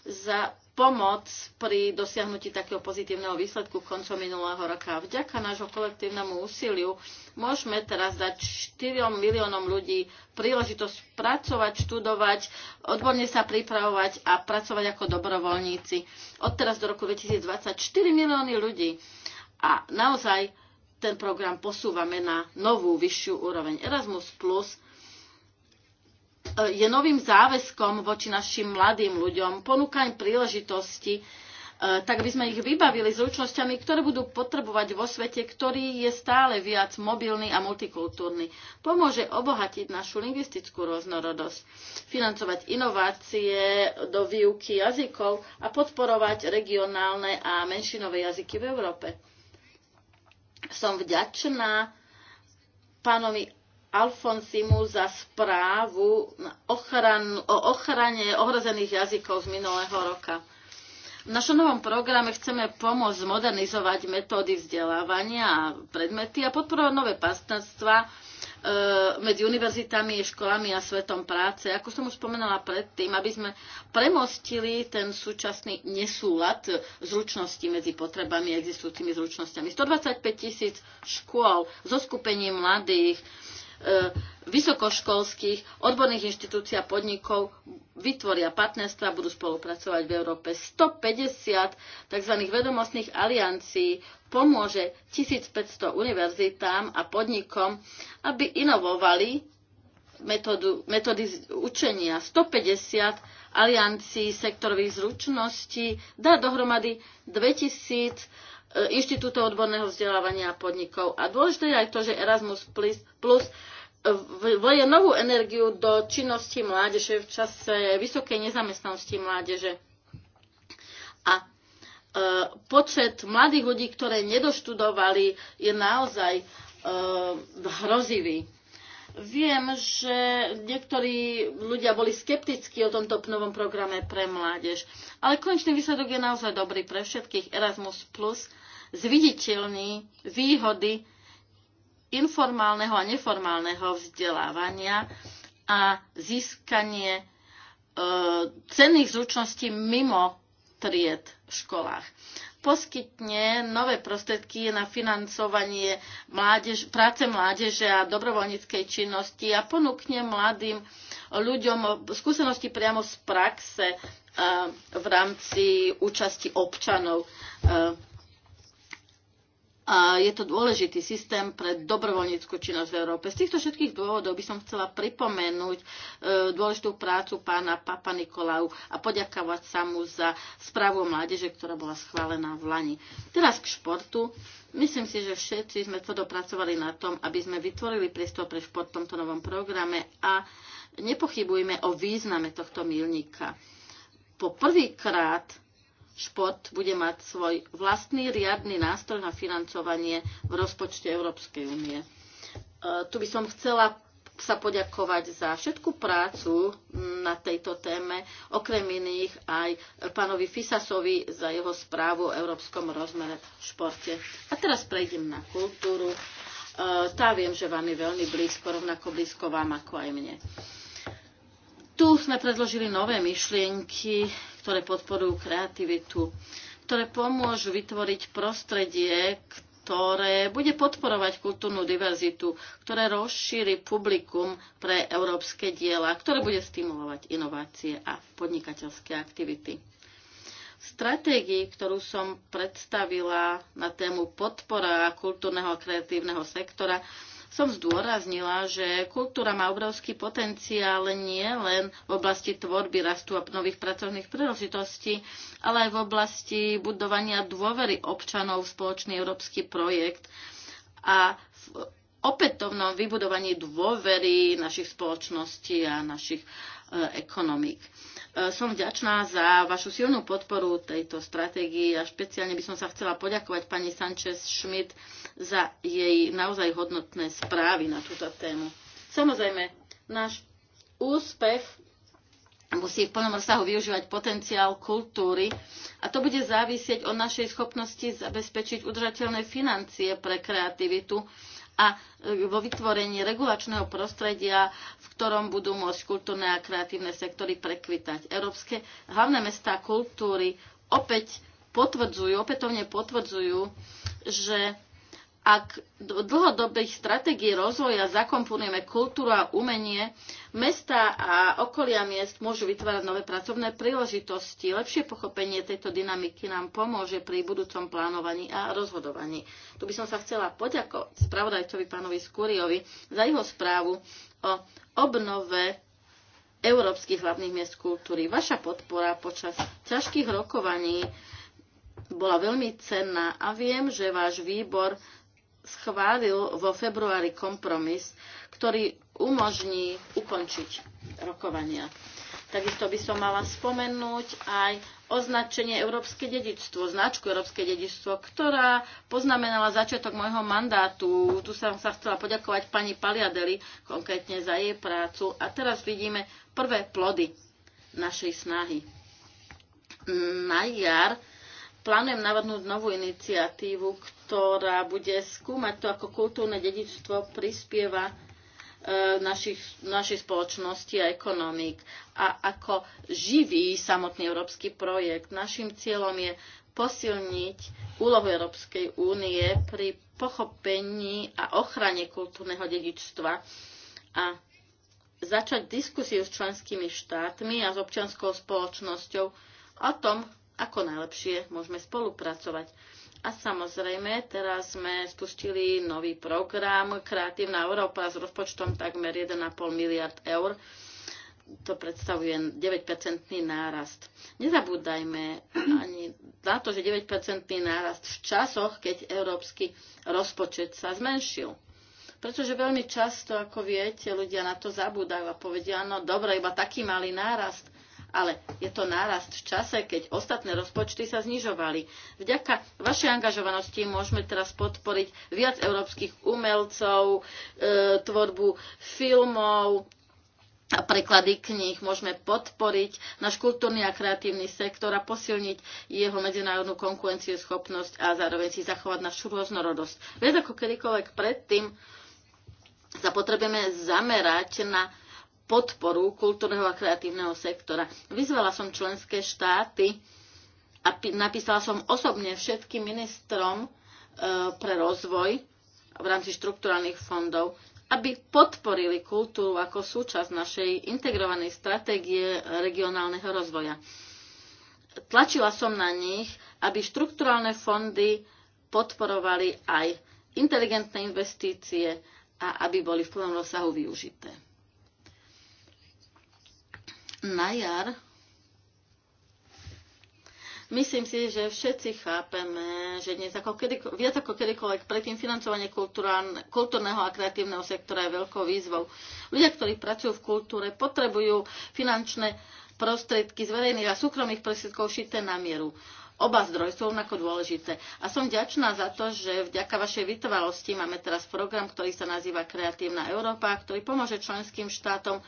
S3: za pomoc pri dosiahnutí takého pozitívneho výsledku koncom minulého roka. Vďaka nášho kolektívnemu úsiliu môžeme teraz dať 4 miliónom ľudí príležitosť pracovať, študovať, odborne sa pripravovať a pracovať ako dobrovoľníci. Od teraz do roku 2024 milióny ľudí. A naozaj ten program posúvame na novú, vyššiu úroveň. Erasmus Plus je novým záväzkom voči našim mladým ľuďom. Ponúka im príležitosti, e, tak by sme ich vybavili zručnosťami, ktoré budú potrebovať vo svete, ktorý je stále viac mobilný a multikultúrny. Pomôže obohatiť našu lingvistickú rôznorodosť, financovať inovácie do výuky jazykov a podporovať regionálne a menšinové jazyky v Európe. Som vďačná pánovi Alfonsimu za správu ochran, o ochrane ohrozených jazykov z minulého roka. V našom novom programe chceme pomôcť modernizovať metódy vzdelávania a predmety a podporovať nové partnerstva e, medzi univerzitami, školami a svetom práce. Ako som už spomenala predtým, aby sme premostili ten súčasný nesúlad zručnosti medzi potrebami a existujúcimi zručnosťami. 125 tisíc škôl, zo skupení mladých, E, vysokoškolských, odborných inštitúcií a podnikov vytvoria partnerstva, budú spolupracovať v Európe. 150 tzv. vedomostných aliancií pomôže 1500 univerzitám a podnikom, aby inovovali metódu, metódy učenia. 150 aliancií sektorových zručností dá dohromady 2000 Inštitútov odborného vzdelávania a podnikov. A dôležité je aj to, že Erasmus Plus, plus e, vleje novú energiu do činnosti mládeže v čase vysokej nezamestnanosti mládeže. A e, počet mladých ľudí, ktoré nedoštudovali, je naozaj e, hrozivý. Viem, že niektorí ľudia boli skeptickí o tomto novom programe pre mládež, ale konečný výsledok je naozaj dobrý pre všetkých. Erasmus Plus zviditeľní výhody informálneho a neformálneho vzdelávania a získanie e, cenných zručností mimo tried v školách poskytne nové prostriedky na financovanie mládež, práce mládeže a dobrovoľníckej činnosti a ponúkne mladým ľuďom skúsenosti priamo z praxe v rámci účasti občanov a je to dôležitý systém pre dobrovoľníckú činnosť v Európe. Z týchto všetkých dôvodov by som chcela pripomenúť e, dôležitú prácu pána Papa Nikolau a poďakovať sa mu za správu o mládeže, ktorá bola schválená v Lani. Teraz k športu. Myslím si, že všetci sme to dopracovali na tom, aby sme vytvorili priestor pre šport v tomto novom programe a nepochybujme o význame tohto milníka. Po prvýkrát šport bude mať svoj vlastný riadny nástroj na financovanie v rozpočte Európskej únie. E, tu by som chcela sa poďakovať za všetku prácu na tejto téme, okrem iných aj pánovi Fisasovi za jeho správu o európskom rozmere v športe. A teraz prejdem na kultúru. E, tá viem, že vám je veľmi blízko, rovnako blízko vám ako aj mne. Tu sme predložili nové myšlienky, ktoré podporujú kreativitu, ktoré pomôžu vytvoriť prostredie, ktoré bude podporovať kultúrnu diverzitu, ktoré rozšíri publikum pre európske diela, ktoré bude stimulovať inovácie a podnikateľské aktivity. V stratégii, ktorú som predstavila na tému podpora kultúrneho a kreatívneho sektora, som zdôraznila, že kultúra má obrovský potenciál nie len v oblasti tvorby rastu a nových pracovných príležitostí, ale aj v oblasti budovania dôvery občanov v spoločný európsky projekt a v opätovnom vybudovaní dôvery našich spoločností a našich e, ekonomik. E, som vďačná za vašu silnú podporu tejto stratégii a špeciálne by som sa chcela poďakovať pani Sanchez Schmidt za jej naozaj hodnotné správy na túto tému. Samozrejme, náš úspech musí v plnom rozsahu využívať potenciál kultúry a to bude závisieť od našej schopnosti zabezpečiť udržateľné financie pre kreativitu a e, vo vytvorení regulačného prostredia, v ktorom budú môcť kultúrne a kreatívne sektory prekvitať. Európske hlavné mestá kultúry opäť potvrdzujú, opätovne potvrdzujú, že ak do dlhodobých stratégií rozvoja zakomponujeme kultúru a umenie, mesta a okolia miest môžu vytvárať nové pracovné príležitosti. Lepšie pochopenie tejto dynamiky nám pomôže pri budúcom plánovaní a rozhodovaní. Tu by som sa chcela poďakovať spravodajcovi pánovi Skúriovi za jeho správu o obnove európskych hlavných miest kultúry. Vaša podpora počas ťažkých rokovaní bola veľmi cenná a viem, že váš výbor schválil vo februári kompromis, ktorý umožní ukončiť rokovania. Takisto by som mala spomenúť aj označenie Európske dedičstvo, značku Európske dedičstvo, ktorá poznamenala začiatok môjho mandátu. Tu som sa chcela poďakovať pani Paliadeli konkrétne za jej prácu. A teraz vidíme prvé plody našej snahy. Na jar plánujem navrhnúť novú iniciatívu, ktorá bude skúmať to, ako kultúrne dedičstvo prispieva e, našich, našej spoločnosti a ekonomík a ako živý samotný európsky projekt. Našim cieľom je posilniť úlohu Európskej únie pri pochopení a ochrane kultúrneho dedičstva a začať diskusiu s členskými štátmi a s občianskou spoločnosťou o tom, ako najlepšie môžeme spolupracovať. A samozrejme, teraz sme spustili nový program Kreatívna Európa s rozpočtom takmer 1,5 miliard eur. To predstavuje 9-percentný nárast. Nezabúdajme ani na to, že 9-percentný nárast v časoch, keď európsky rozpočet sa zmenšil. Pretože veľmi často, ako viete, ľudia na to zabúdajú a povedia, no dobre, iba taký malý nárast ale je to nárast v čase, keď ostatné rozpočty sa znižovali. Vďaka vašej angažovanosti môžeme teraz podporiť viac európskych umelcov, e, tvorbu filmov, a preklady kníh môžeme podporiť náš kultúrny a kreatívny sektor a posilniť jeho medzinárodnú konkurenciu schopnosť a zároveň si zachovať našu rôznorodosť. Viac ako kedykoľvek predtým sa potrebujeme zamerať na podporu kultúrneho a kreatívneho sektora. Vyzvala som členské štáty a napísala som osobne všetkým ministrom e, pre rozvoj v rámci štrukturálnych fondov, aby podporili kultúru ako súčasť našej integrovanej stratégie regionálneho rozvoja. Tlačila som na nich, aby štrukturálne fondy podporovali aj inteligentné investície a aby boli v plnom rozsahu využité na jar Myslím si, že všetci chápeme, že dnes ako kedy, viac ako kedykoľvek predtým financovanie kultúrneho a kreatívneho sektora je veľkou výzvou. Ľudia, ktorí pracujú v kultúre, potrebujú finančné prostriedky z verejných a súkromných prostriedkov šité na mieru oba zdroje sú rovnako dôležité. A som vďačná za to, že vďaka vašej vytrvalosti máme teraz program, ktorý sa nazýva Kreatívna Európa, ktorý pomôže členským štátom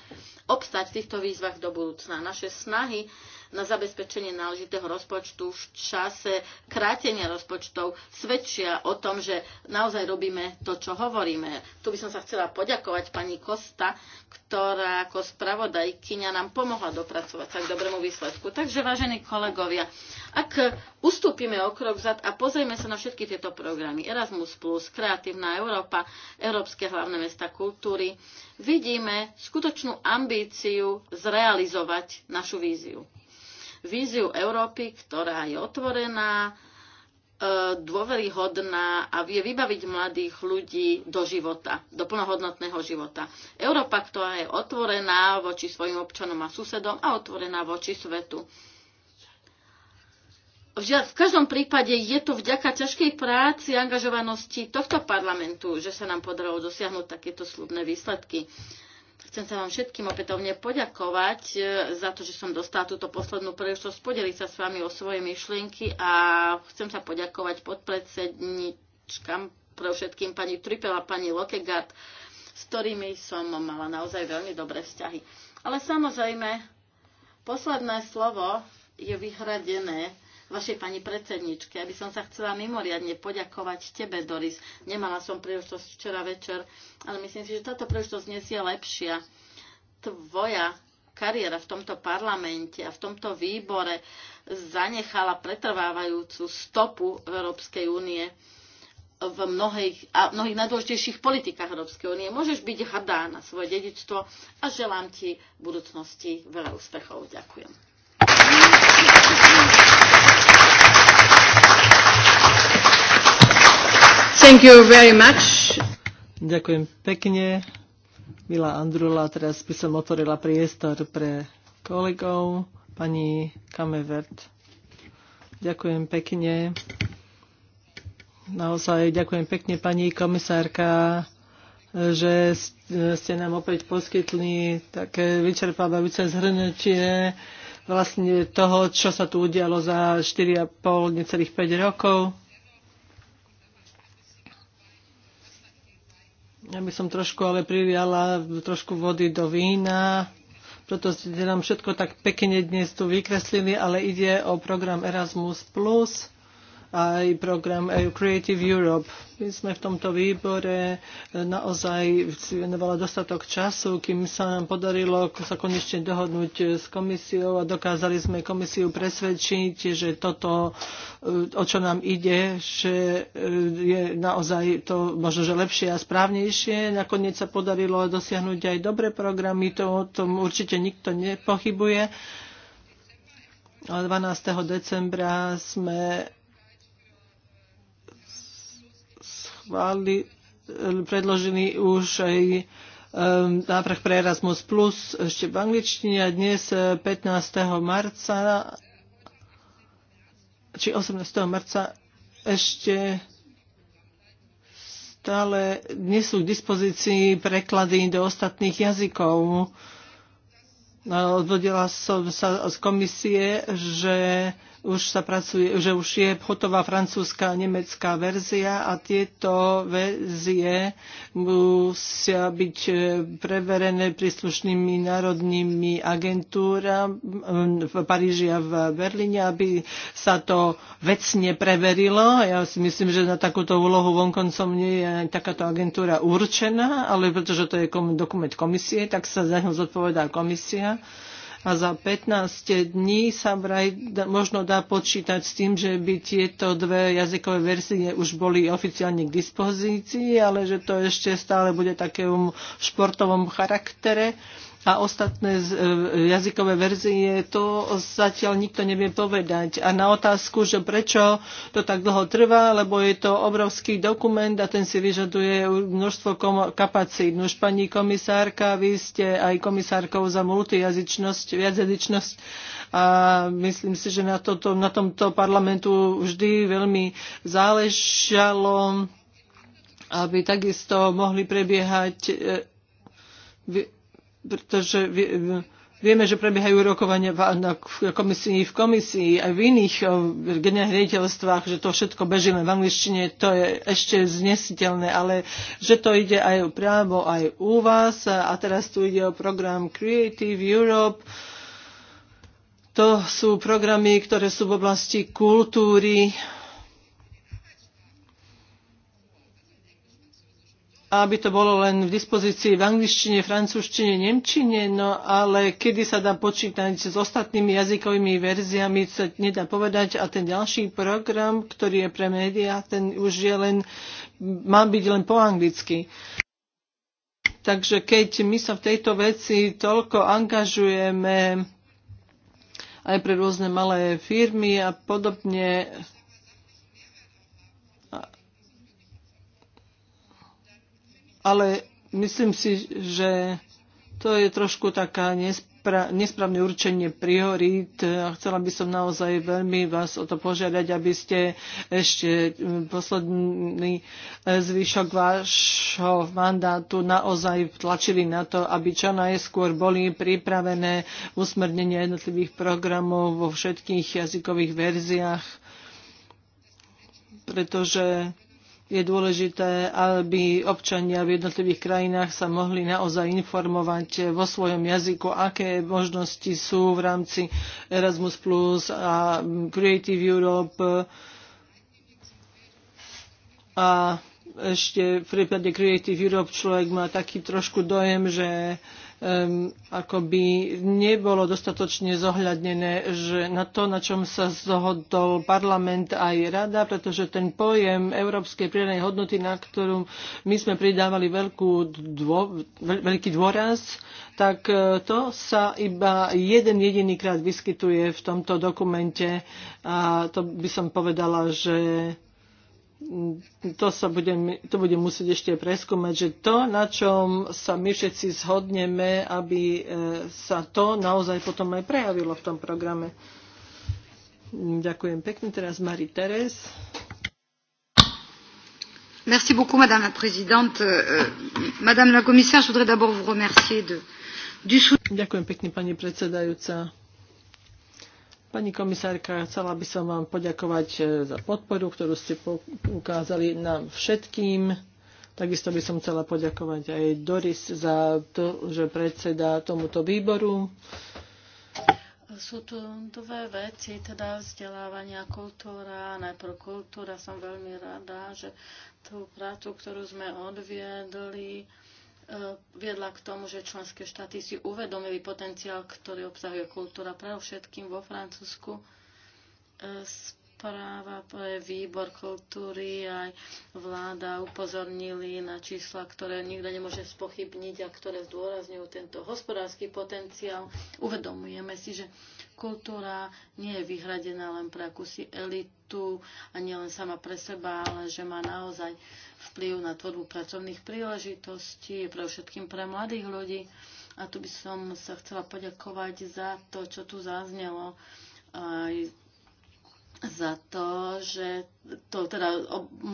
S3: obstať v týchto výzvach do budúcna. Naše snahy na zabezpečenie náležitého rozpočtu v čase krátenia rozpočtov svedčia o tom, že naozaj robíme to, čo hovoríme. Tu by som sa chcela poďakovať pani Kosta, ktorá ako spravodajkyňa nám pomohla dopracovať sa k dobrému výsledku. Takže, vážení kolegovia, ak ustúpime o krok zad a pozrieme sa na všetky tieto programy Erasmus+, Kreatívna Európa, Európske hlavné mesta kultúry, vidíme skutočnú ambíciu zrealizovať našu víziu víziu Európy, ktorá je otvorená, e, dôveryhodná a vie vybaviť mladých ľudí do života, do plnohodnotného života. Európa, ktorá je otvorená voči svojim občanom a susedom a otvorená voči svetu. V každom prípade je to vďaka ťažkej práci a angažovanosti tohto parlamentu, že sa nám podarilo dosiahnuť takéto slubné výsledky. Chcem sa vám všetkým opätovne poďakovať e, za to, že som dostala túto poslednú príležitosť podeliť sa s vami o svoje myšlienky a chcem sa poďakovať podpredsedničkám, pre všetkým pani Tripel a pani Lokegard, s ktorými som mala naozaj veľmi dobré vzťahy. Ale samozrejme, posledné slovo je vyhradené vašej pani predsedničke. Aby som sa chcela mimoriadne poďakovať tebe, Doris. Nemala som príležitosť včera večer, ale myslím si, že táto príležitosť dnes je lepšia. Tvoja kariéra v tomto parlamente a v tomto výbore zanechala pretrvávajúcu stopu v Európskej únie v mnohých, a mnohých najdôležitejších politikách Európskej únie. Môžeš byť hrdá na svoje dedičstvo a želám ti v budúcnosti veľa úspechov. Ďakujem.
S1: Thank you very much. Ďakujem pekne. Milá Andrula, teraz by som otvorila priestor pre kolegov, pani Kamevert. Ďakujem pekne. Naozaj ďakujem pekne, pani komisárka, že ste nám opäť poskytli také vyčerpávajúce zhrnutie vlastne toho, čo sa tu udialo za 4,5, necelých 5 rokov. Ja by som trošku ale priviala trošku vody do vína, preto ste nám všetko tak pekne dnes tu vykreslili, ale ide o program Erasmus+. Plus aj program Creative Europe. My sme v tomto výbore e, naozaj venovali dostatok času, kým sa nám podarilo sa konečne dohodnúť e, s komisiou a dokázali sme komisiu presvedčiť, že toto, e, o čo nám ide, že je naozaj to možno, že lepšie a správnejšie. Nakoniec sa podarilo dosiahnuť aj dobré programy, to o tom určite nikto nepochybuje. 12. decembra sme schválili, e, predložený už aj e, návrh pre Erasmus Plus ešte v angličtine a dnes 15. E, marca či 18. marca ešte stále nie sú k dispozícii preklady do ostatných jazykov. Odvodila no, som sa z komisie, že už sa pracuje, že už je hotová francúzska a nemecká verzia a tieto verzie musia byť e, preverené príslušnými národnými agentúrami v Paríži a v Berlíne, aby sa to vecne preverilo. Ja si myslím, že na takúto úlohu vonkoncom nie je takáto agentúra určená, ale pretože to je dokument komisie, tak sa za ňou zodpovedá komisia a za 15 dní sa vraj možno dá počítať s tým, že by tieto dve jazykové verzie už boli oficiálne k dispozícii, ale že to ešte stále bude takému športovom charaktere a ostatné e, jazykové verzie, to zatiaľ nikto nevie povedať. A na otázku, že prečo to tak dlho trvá, lebo je to obrovský dokument a ten si vyžaduje množstvo kapacít. Nož pani komisárka, vy ste aj komisárkou za multijazyčnosť, viacjazyčnosť a myslím si, že na, toto, na tomto parlamentu vždy veľmi záležalo aby takisto mohli prebiehať e, pretože vieme, že prebiehajú rokovania v komisii, v komisii aj v iných eh, generálnych riaditeľstvách, že to všetko beží len v angličtine, to je ešte znesiteľné, ale že to ide aj právo, aj u vás. A teraz tu ide o program Creative Europe. To sú programy, ktoré sú v oblasti kultúry, aby to bolo len v dispozícii v angličtine, francúzštine, nemčine, no ale kedy sa dá počítať s ostatnými jazykovými verziami, sa nedá povedať. A ten ďalší program, ktorý je pre médiá, ten už je len, má byť len po anglicky. Takže keď my sa v tejto veci toľko angažujeme aj pre rôzne malé firmy a podobne, ale myslím si, že to je trošku taká nespra- nesprávne určenie priorít a chcela by som naozaj veľmi vás o to požiadať, aby ste ešte posledný e, zvyšok vášho mandátu naozaj tlačili na to, aby čo najskôr boli pripravené usmernenia jednotlivých programov vo všetkých jazykových verziách, pretože je dôležité, aby občania v jednotlivých krajinách sa mohli naozaj informovať vo svojom jazyku, aké možnosti sú v rámci Erasmus Plus a Creative Europe a ešte v prípade Creative Europe človek má taký trošku dojem, že um, akoby nebolo dostatočne zohľadnené že na to, na čom sa zhodol parlament aj rada, pretože ten pojem európskej prírodnej hodnoty, na ktorú my sme pridávali veľkú dô, veľký dôraz, tak e, to sa iba jeden jediný krát vyskytuje v tomto dokumente a to by som povedala, že Mm, to sa budem, to budem musieť ešte preskúmať, že to, na čom sa my všetci zhodneme, aby e, sa to naozaj potom aj prejavilo v tom programe. Mm, ďakujem pekne. Teraz Marie Teres. Merci beaucoup, Madame la Présidente. Euh, euh, madame la Commissaire, je voudrais d'abord vous remercier de, du soutien. Ďakujem pekne, pani predsedajúca. Pani komisárka, chcela by som vám poďakovať eh, za podporu, ktorú ste ukázali nám všetkým. Takisto by som chcela poďakovať aj Doris za to, že predseda tomuto výboru.
S3: Sú tu dve veci, teda vzdelávanie a kultúra. Najprv kultúra, som veľmi rada, že tú prácu, ktorú sme odviedli, E, viedla k tomu, že členské štáty si uvedomili potenciál, ktorý obsahuje kultúra. Pre všetkým vo Francúzsku e, správa pre výbor kultúry aj vláda upozornili na čísla, ktoré nikto nemôže spochybniť a ktoré zdôrazňujú tento hospodársky potenciál. Uvedomujeme si, že kultúra nie je vyhradená len pre akúsi elitu a nie len sama pre seba, ale že má naozaj vplyv na tvorbu pracovných príležitostí, pre všetkým pre mladých ľudí. A tu by som sa chcela poďakovať za to, čo tu zaznelo aj za to, že to teda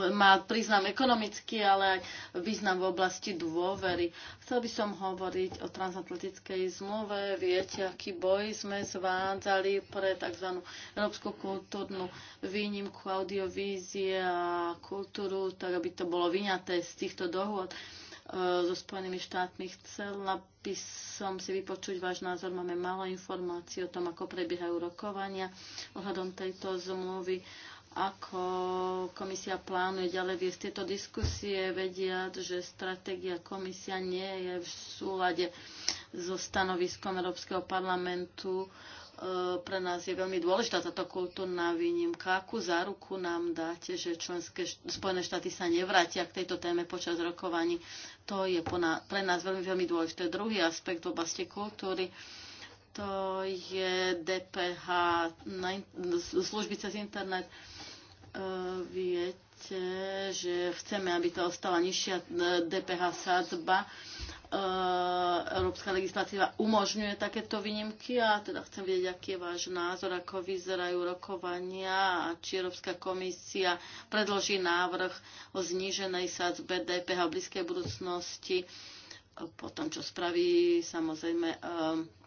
S3: má príznam ekonomický, ale aj význam v oblasti dôvery. Chcel by som hovoriť o transatlantickej zmluve. Viete, aký boj sme zvádzali pre tzv. európsku kultúrnu výnimku audiovízie a kultúru, tak aby to bolo vyňaté z týchto dohôd. Uh, E, so Spojenými štátmi. Chcela by som si vypočuť váš názor. Máme málo informácií o tom, ako prebiehajú rokovania ohľadom tejto zmluvy ako komisia plánuje ďalej viesť tieto diskusie, vedia, že stratégia komisia nie je v súlade so stanoviskom Európskeho parlamentu E, pre nás je veľmi dôležitá táto kultúrna výnimka. Akú záruku nám dáte, že členské Spojené štáty sa nevrátia k tejto téme počas rokovaní? To je pre nás veľmi, veľmi dôležité. Druhý aspekt v oblasti kultúry to je DPH služby cez internet. E, viete, že chceme, aby to ostala nižšia e, DPH sádzba Eh, európska legislatíva umožňuje takéto výnimky a teda chcem vedieť, aký je váš názor, ako vyzerajú rokovania a či Európska komisia predloží návrh o zníženej sadzbe DPH v blízkej budúcnosti potom čo spraví samozrejme eh,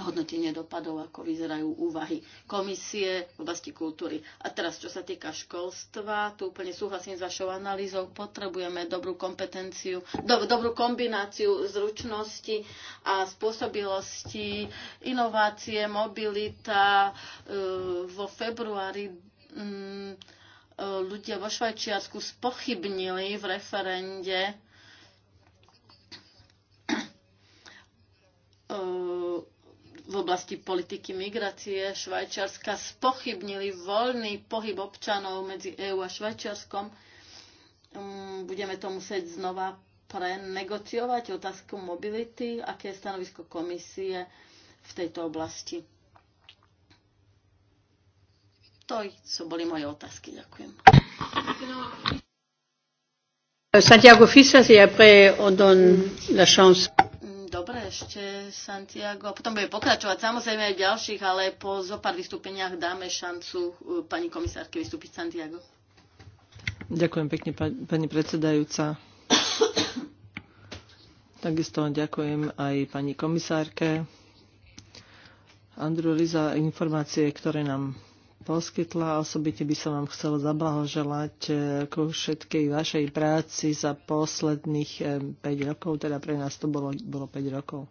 S3: hodnotenie dopadov, ako vyzerajú úvahy komisie v oblasti kultúry. A teraz, čo sa týka školstva, tu úplne súhlasím s vašou analýzou, potrebujeme dobrú kompetenciu, do, dobrú kombináciu zručnosti a spôsobilosti, inovácie, mobilita. E, vo februári mm, e, ľudia vo Švajčiarsku spochybnili v referende v oblasti politiky migrácie Švajčiarska spochybnili voľný pohyb občanov medzi EÚ a Švajčiarskom. Mm, budeme to musieť znova prenegociovať otázku mobility, aké je stanovisko komisie v tejto oblasti. To sú boli moje otázky. Ďakujem. Santiago Fisas et après on donne la chance ešte Santiago. A potom bude pokračovať samozrejme aj ďalších, ale po zopár vystúpeniach dáme šancu e, pani komisárke vystúpiť Santiago.
S1: Ďakujem pekne, pani predsedajúca. Takisto ďakujem aj pani komisárke. Andrew Liza, informácie, ktoré nám poskytla. Osobite by som vám chcela zablahoželať eh, ku všetkej vašej práci za posledných 5 eh, rokov, teda pre nás to bolo, bolo 5 rokov.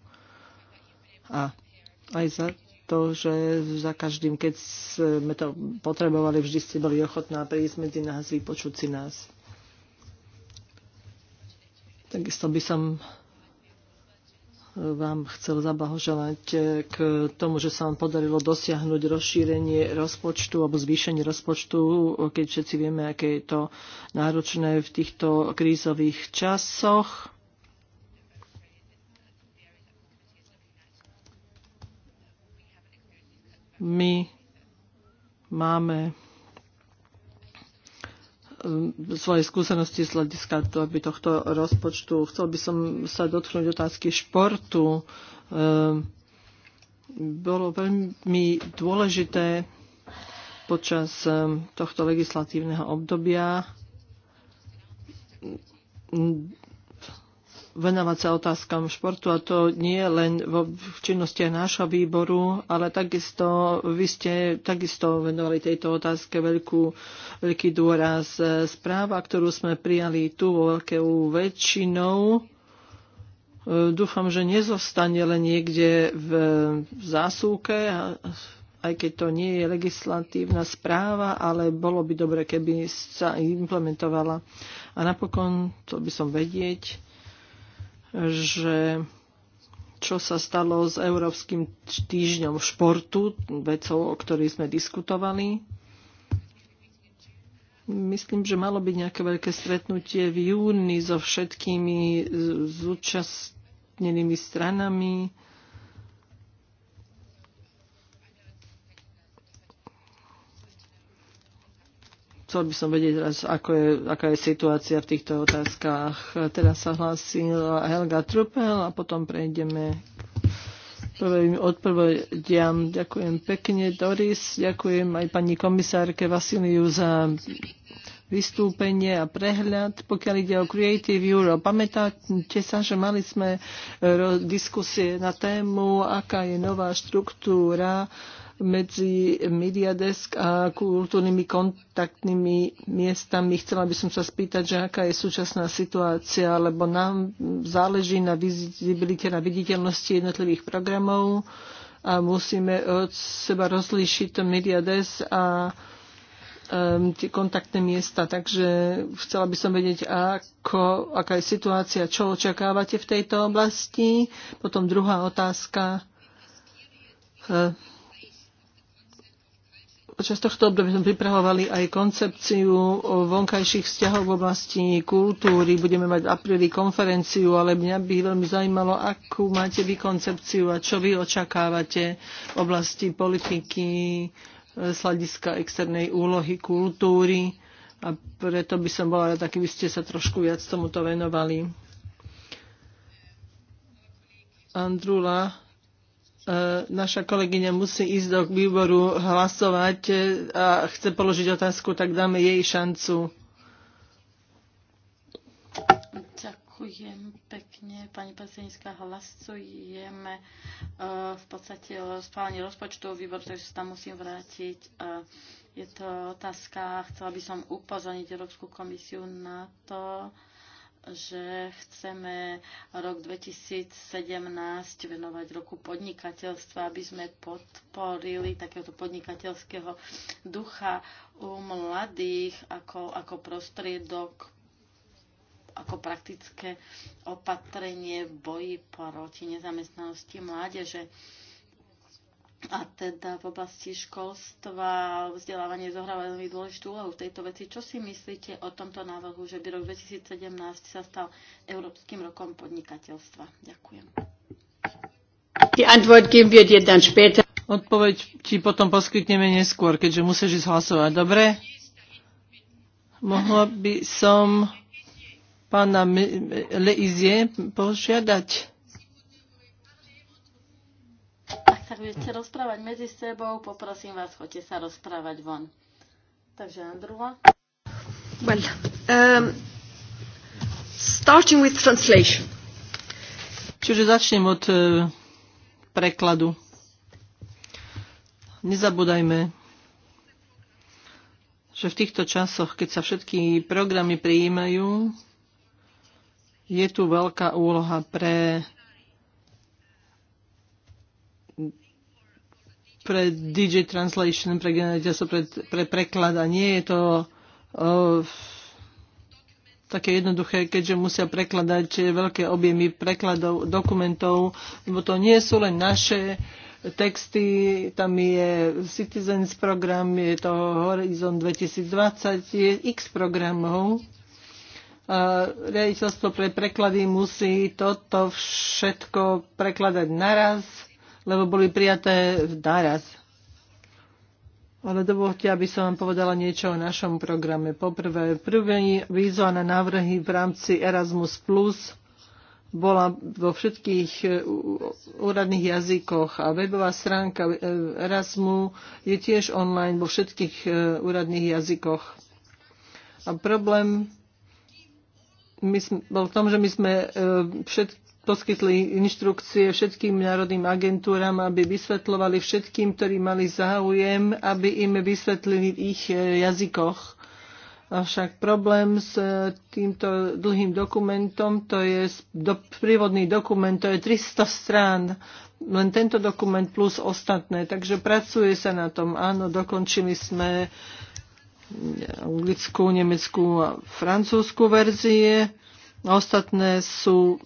S1: A aj za to, že za každým, keď sme to potrebovali, vždy ste boli ochotná prísť medzi nás, vypočuť si nás. Takisto by som vám chcel zabahožovať eh, k tomu, že sa vám podarilo dosiahnuť rozšírenie rozpočtu alebo zvýšenie rozpočtu, keď všetci vieme, aké je to náročné v týchto krízových časoch. My máme Um, svoje skúsenosti z hľadiska tohto rozpočtu. Chcel by som sa dotknúť otázky športu. Um, bolo veľmi dôležité počas um, tohto legislatívneho obdobia venovať sa otázkam športu a to nie len v činnosti nášho výboru, ale takisto vy ste takisto venovali tejto otázke veľkú, veľký dôraz. E, správa, ktorú sme prijali tu veľkou väčšinou, e, dúfam, že nezostane len niekde v zásuvke, aj keď to nie je legislatívna správa, ale bolo by dobre, keby sa implementovala. A napokon, to by som vedieť, že čo sa stalo s Európskym týždňom športu, vecou, o ktorých sme diskutovali. Myslím, že malo byť nejaké veľké stretnutie v júni so všetkými zúčastnenými stranami Chcel by som vedieť ako je, aká je situácia v týchto otázkach. Teraz sa hlásila Helga Trupel a potom prejdeme prvým odpovediam. Ďakujem pekne, Doris. Ďakujem aj pani komisárke Vasiliu za vystúpenie a prehľad. Pokiaľ ide o Creative Europe, pamätáte sa, že mali sme eh, diskusie na tému, aká je nová štruktúra medzi Mediadesk a kultúrnymi kontaktnými miestami. Chcela by som sa spýtať, že aká je súčasná situácia, lebo nám záleží na vizibilite, na viditeľnosti jednotlivých programov a musíme od seba rozlíšiť to Mediades a um, tie kontaktné miesta. Takže chcela by som vedieť, ako, aká je situácia, čo očakávate v tejto oblasti. Potom druhá otázka. Uh, Počas tohto obdobia sme pripravovali aj koncepciu o vonkajších vzťahov v oblasti kultúry. Budeme mať v apríli konferenciu, ale mňa by veľmi zaujímalo, akú máte vy koncepciu a čo vy očakávate v oblasti politiky e, z hľadiska externej úlohy kultúry. A preto by som bola rada, keby ste sa trošku viac tomuto venovali. Andrula E, naša kolegyňa musí ísť do výboru hlasovať e, a chce položiť otázku, tak dáme jej šancu.
S3: Ďakujem pekne, pani predsednícka. Hlasujeme e, v podstate o spálení rozpočtu výboru, takže sa tam musím vrátiť. Je to otázka, chcela by som upozorniť Európsku komisiu na to, že chceme rok 2017 venovať roku podnikateľstva, aby sme podporili takéhoto podnikateľského ducha u mladých ako, ako prostriedok, ako praktické opatrenie v boji proti nezamestnanosti mládeže a teda v oblasti školstva vzdelávanie zohráva veľmi dôležitú úlohu v tejto veci. Čo si myslíte o tomto návrhu, že by rok 2017 sa stal Európskym rokom podnikateľstva? Ďakujem.
S1: Odpoveď ti potom poskytneme neskôr, keďže musíš ísť hlasovať. Dobre? Mohla by som pána Leizie požiadať?
S3: budete rozprávať medzi sebou, poprosím vás, choďte sa rozprávať von. Takže Andrúva.
S1: Well, um, starting with translation. Čiže začnem od uh, prekladu. Nezabúdajme, že v týchto časoch, keď sa všetky programy prijímajú, je tu veľká úloha pre pre DJ Translation, pre, pre, pre preklad a nie je to uh, také jednoduché, keďže musia prekladať veľké objemy prekladov, dokumentov, lebo to nie sú len naše texty, tam je Citizens program, je to Horizon 2020, je x programov. A riaditeľstvo pre preklady musí toto všetko prekladať naraz lebo boli prijaté v daraz. Ale dovolte, aby som vám povedala niečo o našom programe. Poprvé, prvý výzva na návrhy v rámci Erasmus Plus bola vo všetkých e, úradných jazykoch a webová stránka e, Erasmu je tiež online vo všetkých e, úradných jazykoch. A problém my sme, bol v tom, že my sme všet, poskytli inštrukcie všetkým národným agentúram, aby vysvetlovali všetkým, ktorí mali záujem, aby im vysvetlili v ich e, jazykoch. Avšak problém s e, týmto dlhým dokumentom, to je do, prívodný dokument, to je 300 strán, len tento dokument plus ostatné, takže pracuje sa na tom. Áno, dokončili sme mm, anglickú, nemeckú a francúzsku verzie. Ostatné sú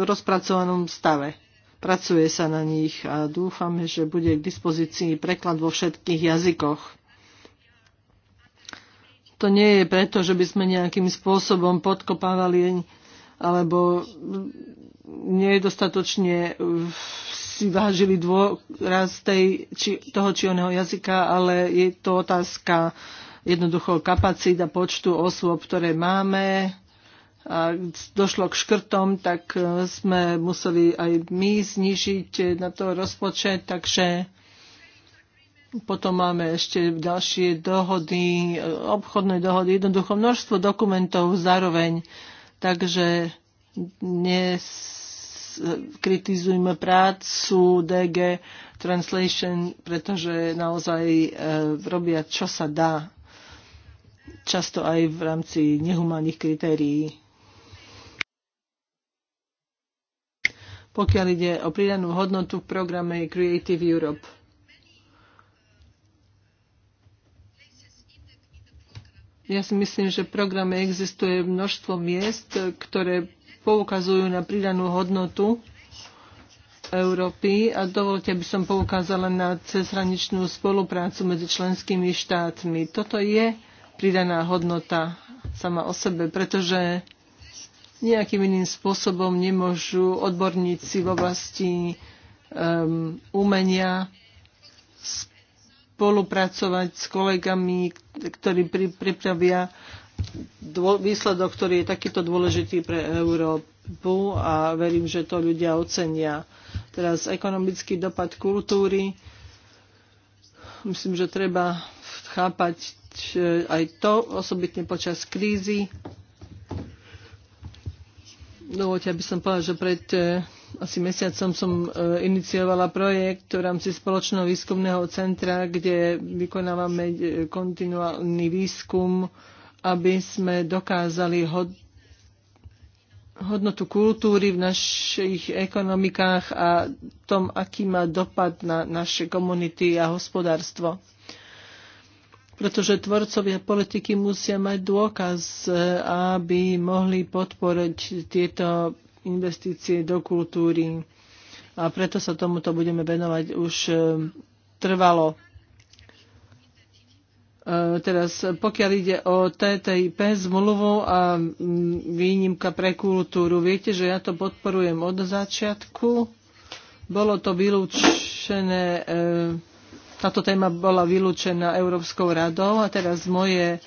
S1: rozpracovanom stave. Pracuje sa na nich a dúfame, že bude k dispozícii preklad vo všetkých jazykoch. To nie je preto, že by sme nejakým spôsobom podkopávali alebo nedostatočne si vážili dôraz tej, či, toho či oného jazyka, ale je to otázka jednoducho kapacít a počtu osôb, ktoré máme a došlo k škrtom, tak e, sme museli aj my znižiť na to rozpočet, takže potom máme ešte ďalšie dohody, obchodné dohody, jednoducho množstvo dokumentov zároveň. Takže nekritizujme prácu DG Translation, pretože naozaj e, robia, čo sa dá. Často aj v rámci nehumánnych kritérií. pokiaľ ide o pridanú hodnotu v programe Creative Europe. Ja si myslím, že v programe existuje množstvo miest, ktoré poukazujú na pridanú hodnotu Európy a dovolte, aby som poukázala na cezhraničnú spoluprácu medzi členskými štátmi. Toto je pridaná hodnota sama o sebe, pretože nejakým iným spôsobom nemôžu odborníci v oblasti um, umenia spolupracovať s kolegami, ktorí pri, pripravia dvo, výsledok, ktorý je takýto dôležitý pre Európu a verím, že to ľudia ocenia. Teraz ekonomický dopad kultúry. Myslím, že treba chápať e, aj to, osobitne počas krízy, Dovoľte, aby som povedala, že pred e, asi mesiacom som e, iniciovala projekt v rámci spoločného výskumného centra, kde vykonávame e, kontinuálny výskum, aby sme dokázali hod- hodnotu kultúry v našich ekonomikách a tom, aký má dopad na naše komunity a hospodárstvo pretože tvorcovia politiky musia mať dôkaz, e, aby mohli podporiť tieto investície do kultúry. A preto sa tomuto budeme venovať už e, trvalo. E, teraz, pokiaľ ide o TTIP zmluvu a výnimka pre kultúru, viete, že ja to podporujem od začiatku. Bolo to vylúčené e, táto téma bola vylúčená Európskou radou a teraz moje e,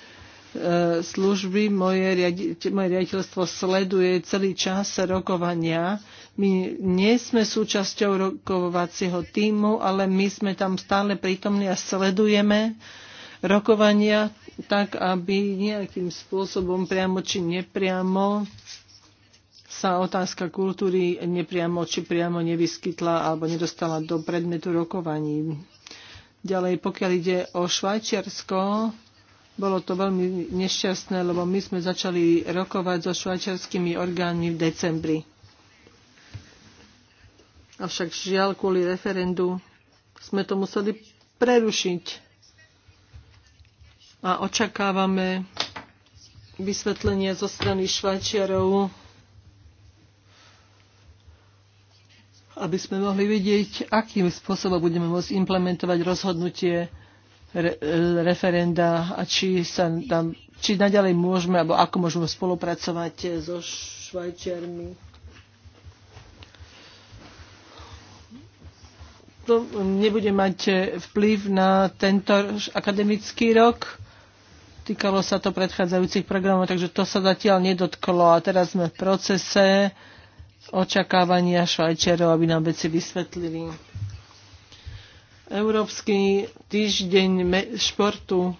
S1: služby, moje, riadite, moje riaditeľstvo sleduje celý čas rokovania. My nie sme súčasťou rokovacieho týmu, ale my sme tam stále prítomní a sledujeme rokovania tak, aby nejakým spôsobom priamo či nepriamo sa otázka kultúry nepriamo či priamo nevyskytla alebo nedostala do predmetu rokovaní. Ďalej, pokiaľ ide o Švajčiarsko, bolo to veľmi nešťastné, lebo my sme začali rokovať so švajčiarskými orgánmi v decembri. Avšak žiaľ kvôli referendu sme to museli prerušiť a očakávame vysvetlenie zo strany Švajčiarov aby sme mohli vidieť, akým spôsobom budeme môcť implementovať rozhodnutie re, referenda a či, sa tam, či naďalej môžeme, alebo ako môžeme spolupracovať so Švajčiarmi. To nebude mať vplyv na tento akademický rok. Týkalo sa to predchádzajúcich programov, takže to sa zatiaľ nedotklo. A teraz sme v procese očakávania Švajčerov, aby nám veci vysvetlili. Európsky týždeň športu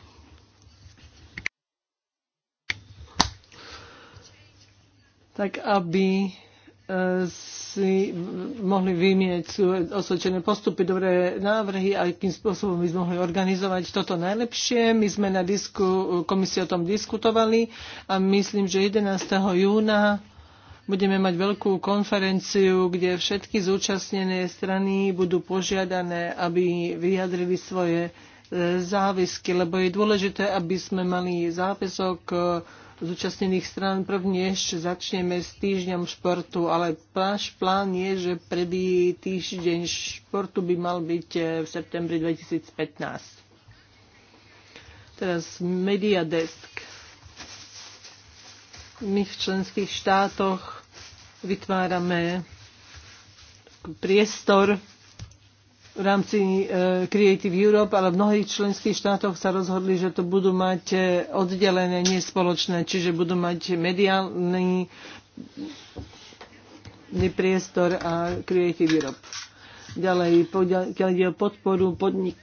S1: tak aby e, si mohli vymieť osvedčené postupy, dobré návrhy, akým spôsobom by sme mohli organizovať toto najlepšie. My sme na disku, komisii o tom diskutovali a myslím, že 11. júna budeme mať veľkú konferenciu, kde všetky zúčastnené strany budú požiadané, aby vyjadrili svoje e, záväzky, lebo je dôležité, aby sme mali záväzok e, zúčastnených strán prvne ešte začneme s týždňom športu, ale náš plán je, že prvý týždeň športu by mal byť e, v septembri 2015. Teraz Media Desk my v členských štátoch vytvárame priestor v rámci e, Creative Europe, ale v mnohých členských štátoch sa rozhodli, že to budú mať e, oddelené, nespoločné, čiže budú mať mediálny priestor a Creative Europe. Ďalej, keď ide o podporu podnik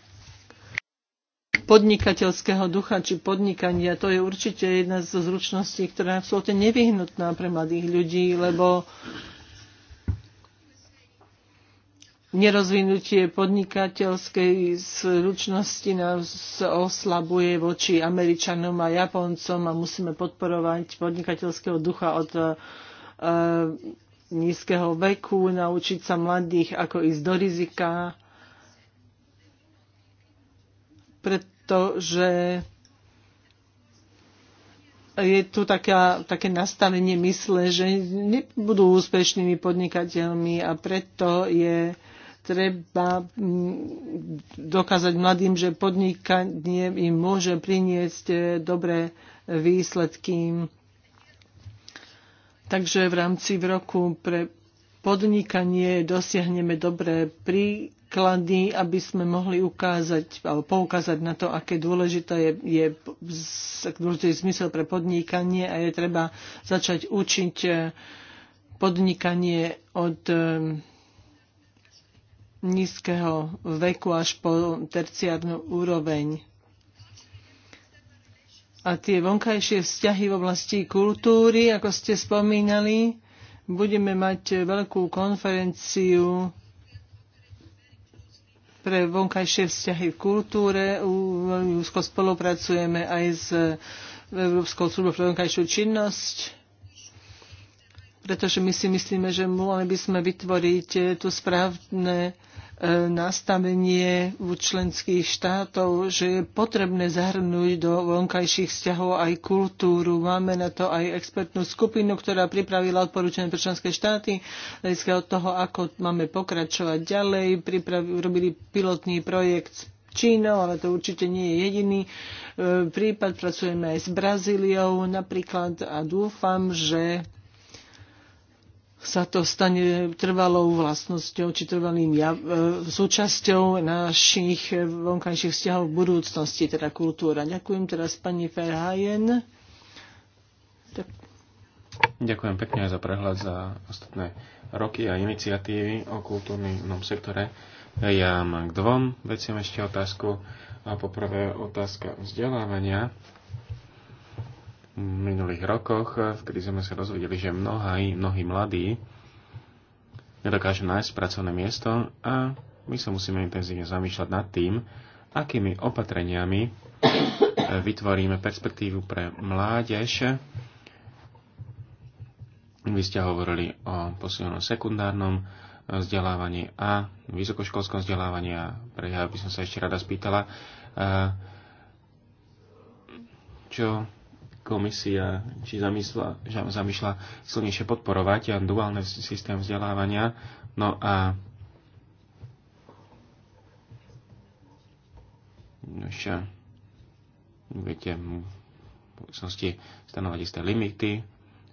S1: podnikateľského ducha či podnikania. To je určite jedna zo zručností, ktorá je absolútne nevyhnutná pre mladých ľudí, lebo nerozvinutie podnikateľskej zručnosti nás oslabuje voči Američanom a Japoncom a musíme podporovať podnikateľského ducha od e, nízkeho veku, naučiť sa mladých, ako ísť do rizika. Pred to, že je tu taká, také nastavenie mysle, že nebudú úspešnými podnikateľmi a preto je treba mm, dokázať mladým, že podnikanie im môže priniesť e, dobré výsledky. Takže v rámci v roku pre podnikanie dosiahneme dobré prí príklady, aby sme mohli ukázať alebo poukázať na to, aké dôležité je, je, aký dôležitý je zmysel pre podnikanie a je treba začať učiť eh, podnikanie od eh, nízkeho veku až po terciárnu úroveň. A tie vonkajšie vzťahy v oblasti kultúry, ako ste spomínali, budeme mať eh, veľkú konferenciu pre vonkajšie vzťahy v kultúre. Úzko spolupracujeme aj s Európskou službou pre vonkajšiu činnosť pretože my si myslíme, že mohli by sme vytvoriť eh, tu správne E, nastavenie u členských štátov, že je potrebné zahrnúť do vonkajších vzťahov aj kultúru. Máme na to aj expertnú skupinu, ktorá pripravila odporúčené pre členské štáty, hľadiska od toho, ako máme pokračovať ďalej. robili pilotný projekt s Čínou, ale to určite nie je jediný e, prípad. Pracujeme aj s Brazíliou napríklad a dúfam, že sa to stane trvalou vlastnosťou či trvalým jav, e, súčasťou našich vonkajších vzťahov v budúcnosti, teda kultúra. Ďakujem teraz pani Ferhajen. Tak.
S2: Ďakujem pekne za prehľad za ostatné roky a iniciatívy o kultúrnom sektore. Ja mám k dvom veciam ešte otázku. A poprvé otázka vzdelávania minulých rokoch, eh, kedy sme sa dozvedeli, že mnohí, mnohí mladí nedokážu nájsť pracovné miesto a my sa musíme intenzívne zamýšľať nad tým, akými opatreniami eh, vytvoríme perspektívu pre mládež. Vy ste hovorili o posilnom sekundárnom eh, vzdelávaní a vysokoškolskom vzdelávaní a pre ja by som sa ešte rada spýtala, čo komisia či zamýšľa, zamýšľa silnejšie podporovať duálny systém vzdelávania. No a Nož, viete, v budúcnosti stanovať isté limity.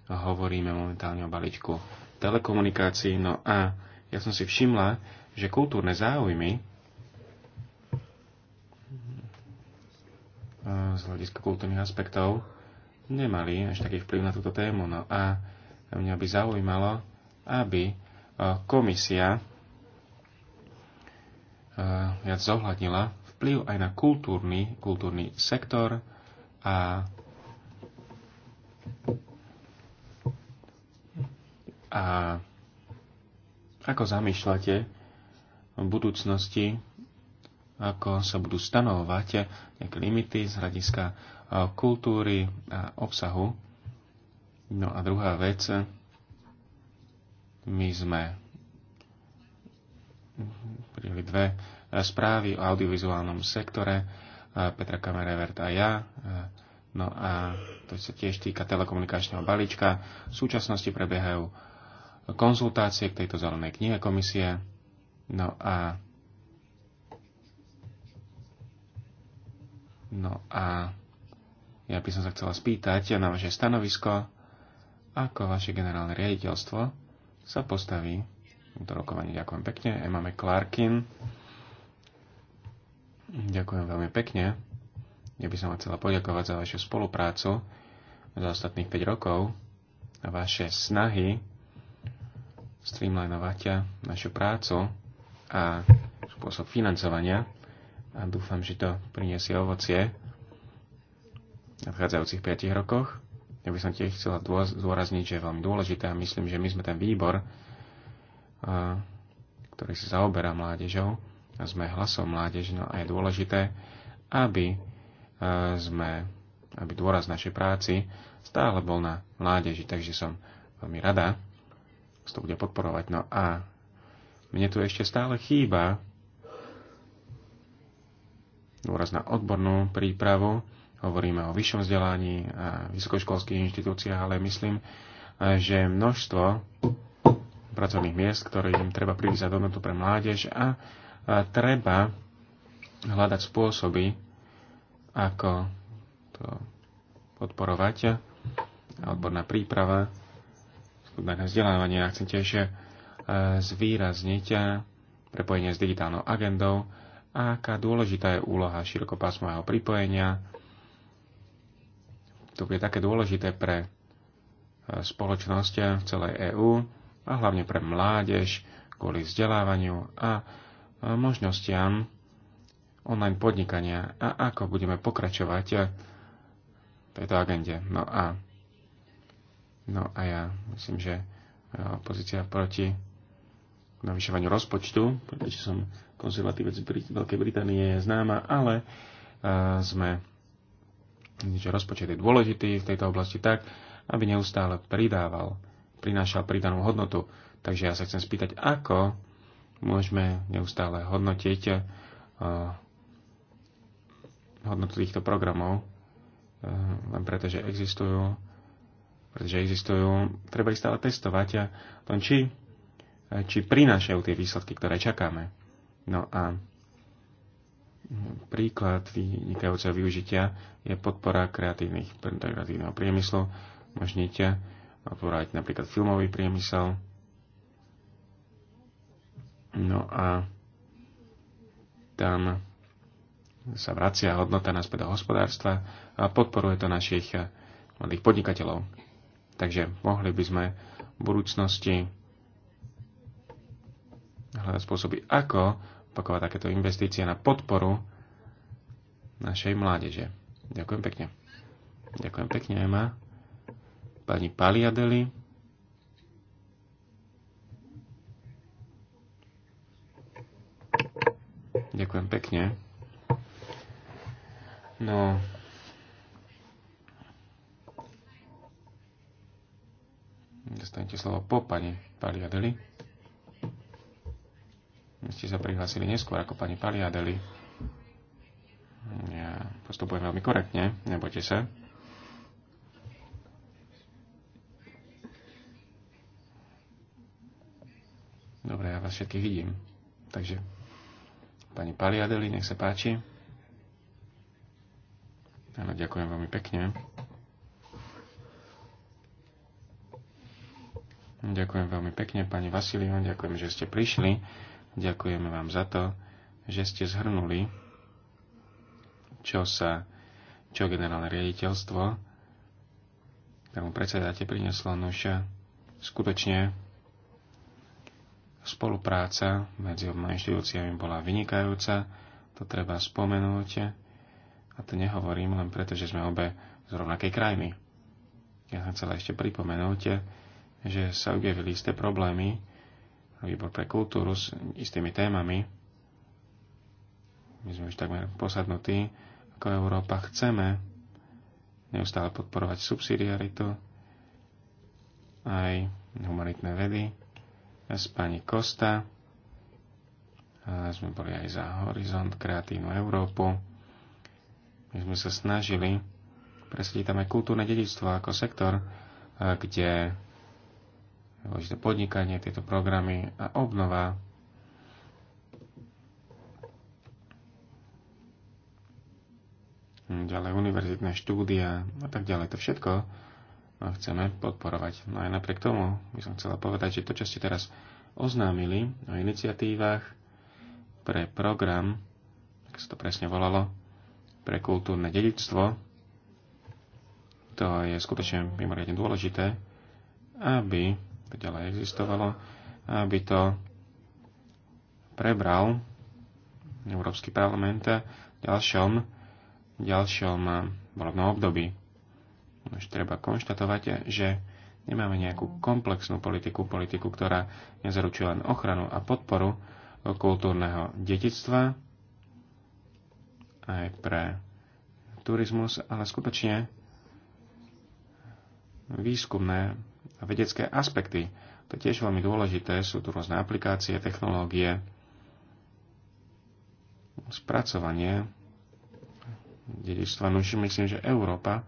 S2: Hovoríme momentálne o balíčku telekomunikácií. No a ja som si všimla, že kultúrne záujmy e, z hľadiska kultúrnych aspektov nemali až taký vplyv na túto tému. No a mňa by zaujímalo, aby e, komisia e, viac zohľadnila vplyv aj na kultúrny, kultúrny sektor a a ako zamýšľate v budúcnosti, ako sa budú stanovovať nejaké limity z hľadiska kultúry a obsahu. No a druhá vec, my sme prijeli dve správy o audiovizuálnom sektore, Petra Kamerevert a ja. No a to sa tiež týka telekomunikačného balíčka. V súčasnosti prebiehajú konzultácie k tejto zelenej knihe komisie. No a No a ja by som sa chcela spýtať na vaše stanovisko, ako vaše generálne riaditeľstvo sa postaví do rokovania. Ďakujem pekne. Emma Clarkin. Ďakujem veľmi pekne. Ja by som vám chcela poďakovať za vašu spoluprácu za ostatných 5 rokov a vaše snahy streamlinovať našu prácu a spôsob financovania a dúfam, že to priniesie ovocie nadchádzajúcich 5 rokoch. Ja by som tiež chcela zdôrazniť, že je veľmi dôležité a myslím, že my sme ten výbor, ktorý sa zaoberá mládežou a sme hlasom mládež, no a je dôležité, aby sme, aby dôraz našej práci stále bol na mládeži, takže som veľmi rada, že to bude podporovať. No a mne tu ešte stále chýba dôraz na odbornú prípravu, hovoríme o vyššom vzdelaní a e, vysokoškolských inštitúciách, ale myslím, e, že množstvo pracovných miest, ktorým treba privízať hodnotu pre mládež a e, treba hľadať spôsoby, ako to podporovať. Odborná príprava, skutné vzdelávanie. Ja chcem tiež zvýrazniť prepojenie s digitálnou agendou a aká dôležitá je úloha širokopásmového pripojenia to bude také dôležité pre e, spoločnosť e, v celej EÚ a hlavne pre mládež kvôli vzdelávaniu a e, možnostiam online podnikania a ako budeme pokračovať v tejto agende. No a, no a ja myslím, že opozícia proti navyšovaniu rozpočtu, pretože som konzervatívec Brit- Veľkej Británie, je známa, ale uh, sme že rozpočet je dôležitý v tejto oblasti tak, aby neustále pridával, prinášal pridanú hodnotu. Takže ja sa chcem spýtať, ako môžeme neustále hodnotiť uh, hodnotu týchto programov, uh, len preto, že existujú, pretože existujú, treba ich stále testovať a eh, tom, či, či prinášajú tie výsledky, ktoré čakáme. No a príklad vynikajúceho využitia je podpora kreatívnych, kreatívneho priemyslu. Možnite podporovať napríklad filmový priemysel. No a tam sa vracia hodnota naspäť do hospodárstva a podporuje to našich mladých podnikateľov. Takže mohli by sme v budúcnosti hľadať spôsoby, ako opakovať takéto investície na podporu našej mládeže. Ďakujem pekne. Ďakujem pekne, Ema. Pani Paliadeli. Ďakujem pekne. No, dostanete slovo po pani Paliadeli ste sa prihlásili neskôr ako pani Paliadeli. Ja postupujem veľmi korektne, nebojte sa. Dobre, ja vás všetkých vidím. Takže, pani Paliadeli, nech sa páči. Áno, ďakujem veľmi pekne. Ďakujem veľmi pekne, pani Vasiliu, ďakujem, že ste prišli. Ďakujeme vám za to, že ste zhrnuli, čo sa, čo generálne riaditeľstvo, ktorému predsedáte, prinieslo nuša. Skutočne spolupráca medzi oboma inštitúciami bola vynikajúca, to treba spomenúť a to nehovorím len preto, že sme obe z rovnakej krajiny. Ja som chcela ešte pripomenúť, že sa objavili isté problémy, výbor pre kultúru s istými témami. My sme už takmer posadnutí, ako Európa chceme neustále podporovať subsidiaritu, aj humanitné vedy. S pani Kosta a sme boli aj za Horizont, Kreatívnu Európu. My sme sa snažili presadiť tam aj kultúrne dedictvo ako sektor, kde dôležité podnikanie, tieto programy a obnova. Ďalej univerzitné štúdia a tak ďalej. To všetko chceme podporovať. No aj napriek tomu by som chcela povedať, že to, čo ste teraz oznámili o iniciatívach pre program, tak sa to presne volalo, pre kultúrne dedičstvo, to je skutočne mimoriadne dôležité, aby to ďalej existovalo, aby to prebral Európsky parlament v ďalšom, v ďalšom eh, volebnom období. Už treba konštatovať, že nemáme nejakú komplexnú politiku, politiku, ktorá nezaručuje len ochranu a podporu kultúrneho detictva aj pre turizmus, ale skutočne výskumné a vedecké aspekty. To je tiež veľmi dôležité. Sú tu rôzne aplikácie, technológie, spracovanie dedičstva. No myslím, že Európa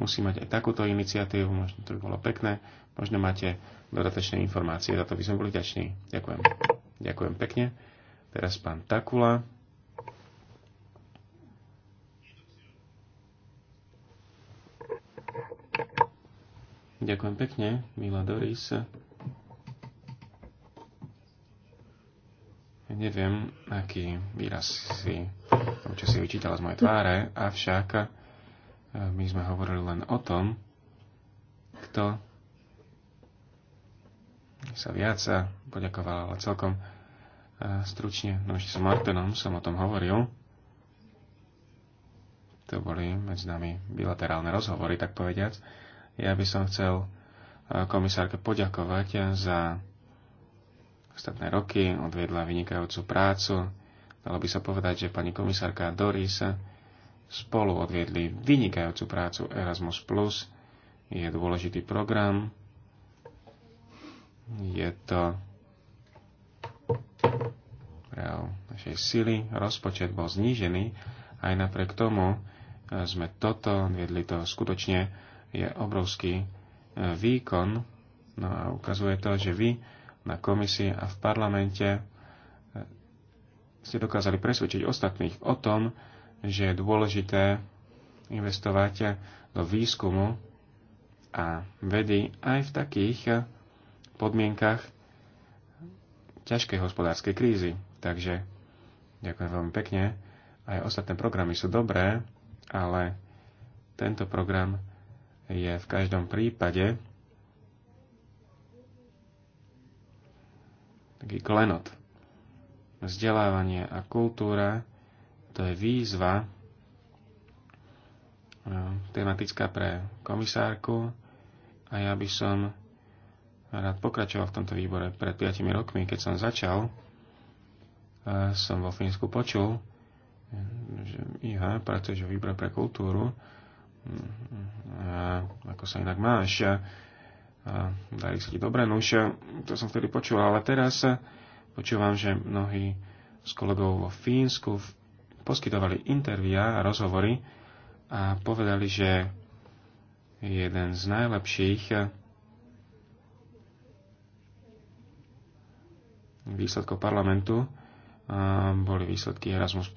S2: musí mať aj takúto iniciatívu, možno to by bolo pekné, možno máte dodatočné informácie, za to by sme boli ďační. Ďakujem. Ďakujem pekne. Teraz pán Takula. Ďakujem pekne, Milá Doris. Neviem, aký výraz si, čo si vyčítala z mojej tváre, avšak eh, my sme hovorili len o tom, kto sa viac poďakoval, ale celkom eh, stručne, no ešte s Martinom som o tom hovoril. To boli medzi nami bilaterálne rozhovory, tak povediac. Ja by som chcel e, komisárke poďakovať za ostatné roky, odvedla vynikajúcu prácu. Dalo by sa povedať, že pani komisárka Doris spolu odviedli vynikajúcu prácu Erasmus+. Plus. Je dôležitý program. Je to prejav našej sily. Rozpočet bol znížený. Aj napriek tomu sme toto odviedli to skutočne je obrovský e, výkon. No a ukazuje to, že vy na komisii a v parlamente e, ste dokázali presvedčiť ostatných o tom, že je dôležité investovať do výskumu a vedy aj v takých podmienkach ťažkej hospodárskej krízy. Takže ďakujem veľmi pekne. Aj ostatné programy sú dobré, ale tento program je v každom prípade taký klenot. Vzdelávanie a kultúra to je výzva tematická pre komisárku a ja by som rád pokračoval v tomto výbore. Pred 5 rokmi, keď som začal, som vo Fínsku počul, že ja pracuje v výbore pre kultúru Mhm, mhm. a ako sa inak máš, a, a dajú si ti dobre, no už to som vtedy počul, ale teraz počúvam, že mnohí s kolegov vo Fínsku poskytovali intervia a rozhovory a povedali, že jeden z najlepších výsledkov parlamentu boli výsledky Erasmus+,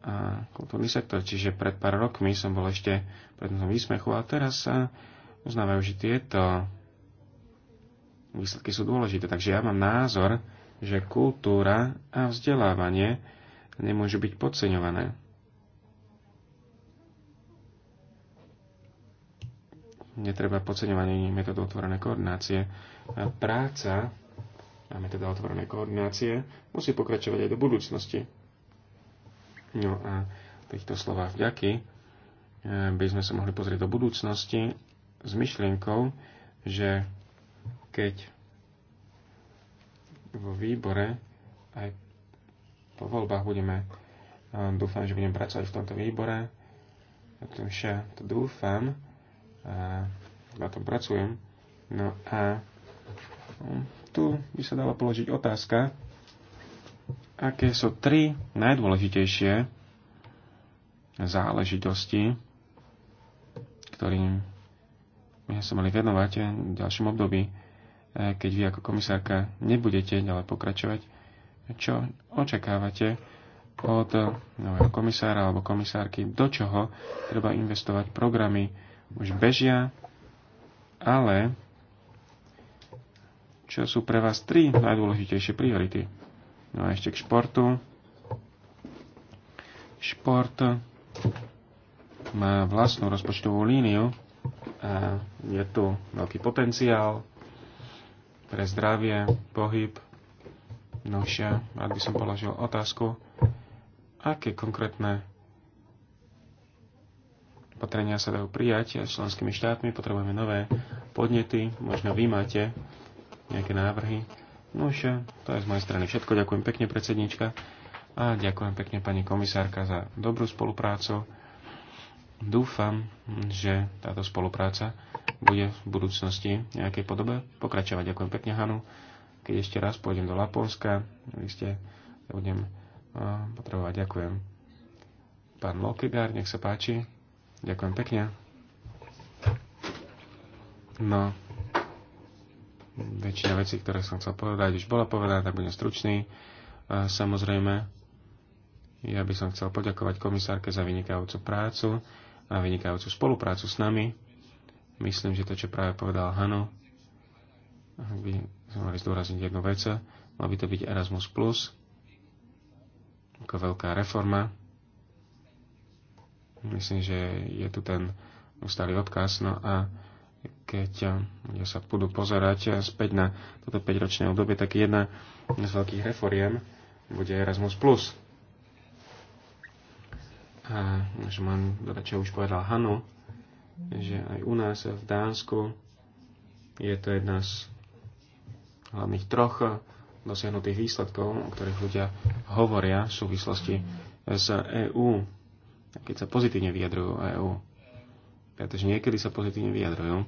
S2: a kultúrny sektor. Čiže pred pár rokmi som bol ešte pred výsmechu a teraz sa uznávajú, že tieto výsledky sú dôležité. Takže ja mám názor, že kultúra a vzdelávanie nemôžu byť podceňované. Netreba podceňovanie ani metódu otvorenej koordinácie. Práca a metóda otvorenej koordinácie musí pokračovať aj do budúcnosti No a týchto slovách vďaky e, by sme sa mohli pozrieť do budúcnosti s myšlienkou, že keď vo výbore aj po voľbách budeme, e, dúfam, že budem pracovať v tomto výbore, ja tom však to dúfam, a na tom pracujem. No a hm, tu by sa dala položiť otázka, aké sú tri najdôležitejšie záležitosti, ktorým sme sa mali venovať v ďalšom období, e, keď vy ako komisárka nebudete ďalej pokračovať, čo očakávate od nového komisára alebo komisárky, do čoho treba investovať. Programy už bežia, ale čo sú pre vás tri najdôležitejšie priority? No a ešte k športu. Šport má vlastnú rozpočtovú líniu a je tu veľký potenciál pre zdravie, pohyb. Novšia, rád by som položil otázku, aké konkrétne opatrenia sa dajú prijať s členskými štátmi, potrebujeme nové podnety, možno vy máte nejaké návrhy, No už, eh, to je z mojej strany všetko. Ďakujem pekne, predsednička. A ďakujem pekne, pani komisárka, za dobrú spoluprácu. Dúfam, že táto spolupráca bude v budúcnosti nejakej podobe pokračovať. Ďakujem pekne, Hanu. Keď ešte raz pôjdem do Laponska, vy ste, ja budem eh, potrebovať. Ďakujem. Pán Lokegár, nech sa páči. Ďakujem pekne. No, väčšina vecí, ktoré som chcel povedať, už bola povedaná, tak budem stručný. A samozrejme, ja by som chcel poďakovať komisárke za vynikajúcu prácu a vynikajúcu spoluprácu s nami. Myslím, že to, čo práve povedal Hano, by sme mali zdôrazniť jednu vec, mal by to byť Erasmus+, ako veľká reforma. Myslím, že je tu ten ustalý odkaz. No a keď ľudia eh, sa budú pozerať eh, späť na toto 5-ročné obdobie, tak jedna z veľkých reforiem bude Erasmus+. A že mám dodať, čo už povedal Hanu, že aj u nás eh, v Dánsku je to jedna z hlavných troch dosiahnutých výsledkov, o ktorých ľudia hovoria v súvislosti s EÚ, keď sa pozitívne vyjadrujú EÚ pretože niekedy sa pozitívne vyjadrujú.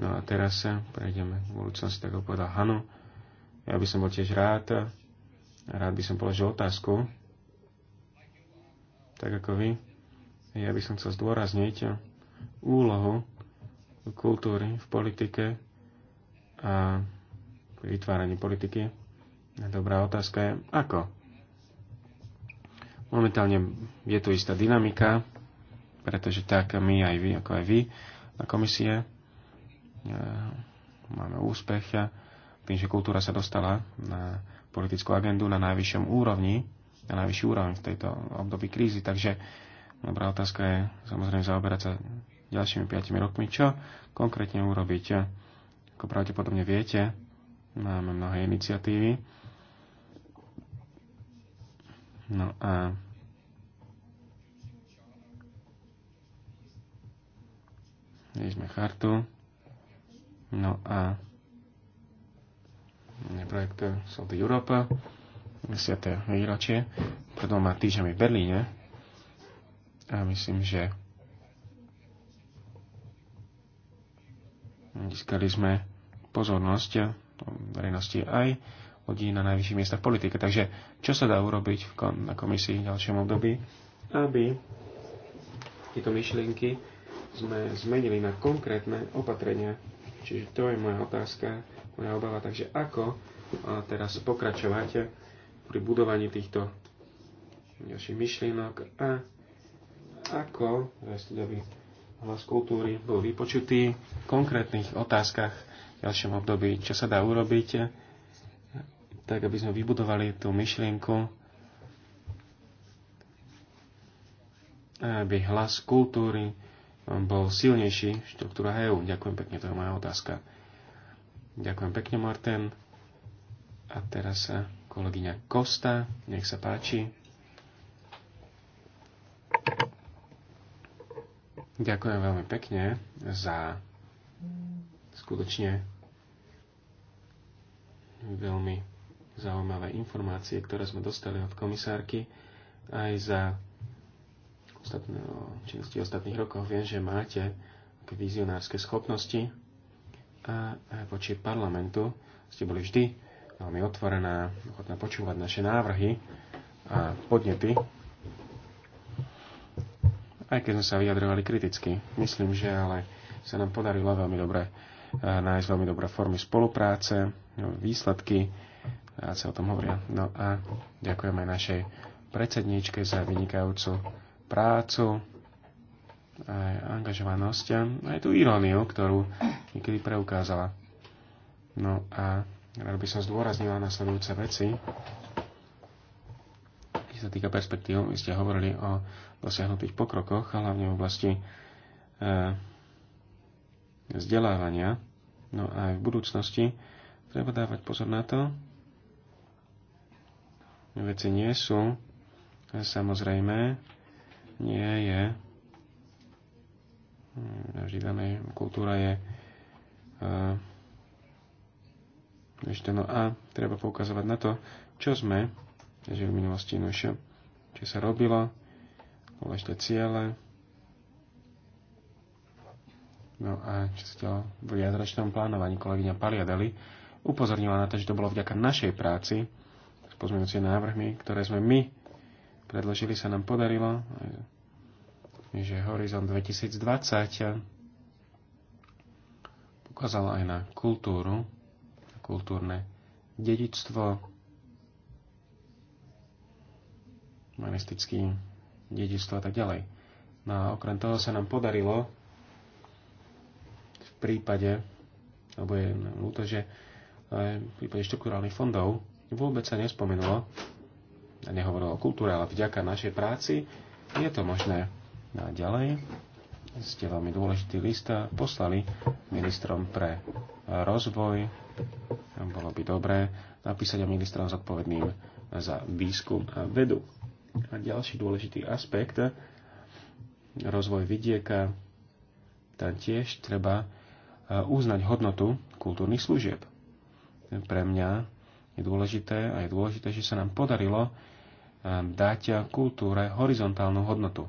S2: No a teraz sa prejdeme v budúcnosti, tak ako povedal Hanu. Ja by som bol tiež rád, rád by som položil otázku, tak ako vy. Ja by som chcel zdôrazniť úlohu kultúry v politike a pri vytváraní politiky. Dobrá otázka je, ako? Momentálne je tu istá dynamika, pretože tak my aj vy, ako aj vy na komisie e, máme úspech tým, že kultúra sa dostala na politickú agendu na najvyššom úrovni, na najvyšší úroveň v tejto období krízy. Takže dobrá otázka je samozrejme zaoberať sa ďalšími 5 rokmi, čo konkrétne urobiť. Ako pravdepodobne viete, máme mnohé iniciatívy. No a Videli sme chartu. No a projekt South eh, Europa, 10. výročie, pred dvoma týždňami v Berlíne. A myslím, že získali sme pozornosť verejnosti aj ľudí na najvyšších miestach politike. Takže čo sa dá urobiť na komisii v ďalšom období, aby tieto myšlienky sme zmenili na konkrétne opatrenia. Čiže to je moja otázka, moja obava. Takže ako teraz pokračovať pri budovaní týchto ďalších myšlienok a ako studový hlas kultúry bol vypočutý v konkrétnych otázkach v ďalšom období, čo sa dá urobiť, tak aby sme vybudovali tú myšlienku, aby hlas kultúry bol silnejší štruktúra EU. EÚ. Ďakujem pekne, to je moja otázka. Ďakujem pekne, Martin. A teraz sa eh, kolegyňa Kosta, nech sa páči. Ďakujem veľmi pekne za skutočne veľmi zaujímavé informácie, ktoré sme dostali od komisárky, aj za ostatné, o činnosti ostatných rokov. Viem, že máte vizionárske schopnosti a voči parlamentu ste boli vždy veľmi otvorená, ochotná počúvať naše návrhy a podnety, aj keď sme sa vyjadrovali kriticky. Myslím, že ale sa nám podarilo veľmi dobre nájsť veľmi dobré formy spolupráce, no, výsledky, a sa o tom hovoria. No a ďakujem aj našej predsedníčke za vynikajúcu prácu, aj angažovanosť a aj tú iróniu, ktorú niekedy preukázala. No a rád by som zdôraznila nasledujúce veci. Keď sa týka perspektív, vy ste hovorili o dosiahnutých pokrokoch, hlavne v oblasti e, vzdelávania. No a aj v budúcnosti treba dávať pozor na to. Veci nie sú samozrejme nie je hm, vždy dáme, kultúra je ešte no a treba poukazovať na to, čo sme, že v minulosti nošia, čo sa robilo, dôležité ciele, no a čo sa to v jazračnom plánovaní kolegyňa Paliadeli upozornila na to, že to bolo vďaka našej práci s pozmeňujúcimi návrhmi, ktoré sme my predložili, sa nám podarilo, že Horizon 2020 ukázal aj na kultúru, na kultúrne dedičstvo, manistický dedičstvo a tak ďalej. No a okrem toho sa nám podarilo v prípade, alebo je ľúto, že eh, v prípade štruktúrálnych fondov vôbec sa nespomenulo, nehovoril o kultúre, ale vďaka našej práci je to možné. na no a ďalej ste veľmi dôležitý list poslali ministrom pre rozvoj. Bolo by dobré napísať o ministrom zodpovedným za výskum a vedu. A ďalší dôležitý aspekt, rozvoj vidieka, tam tiež treba e, uznať hodnotu kultúrnych služieb. Pre mňa je dôležité a je dôležité, že sa nám podarilo Ehm, dať kultúre horizontálnu hodnotu.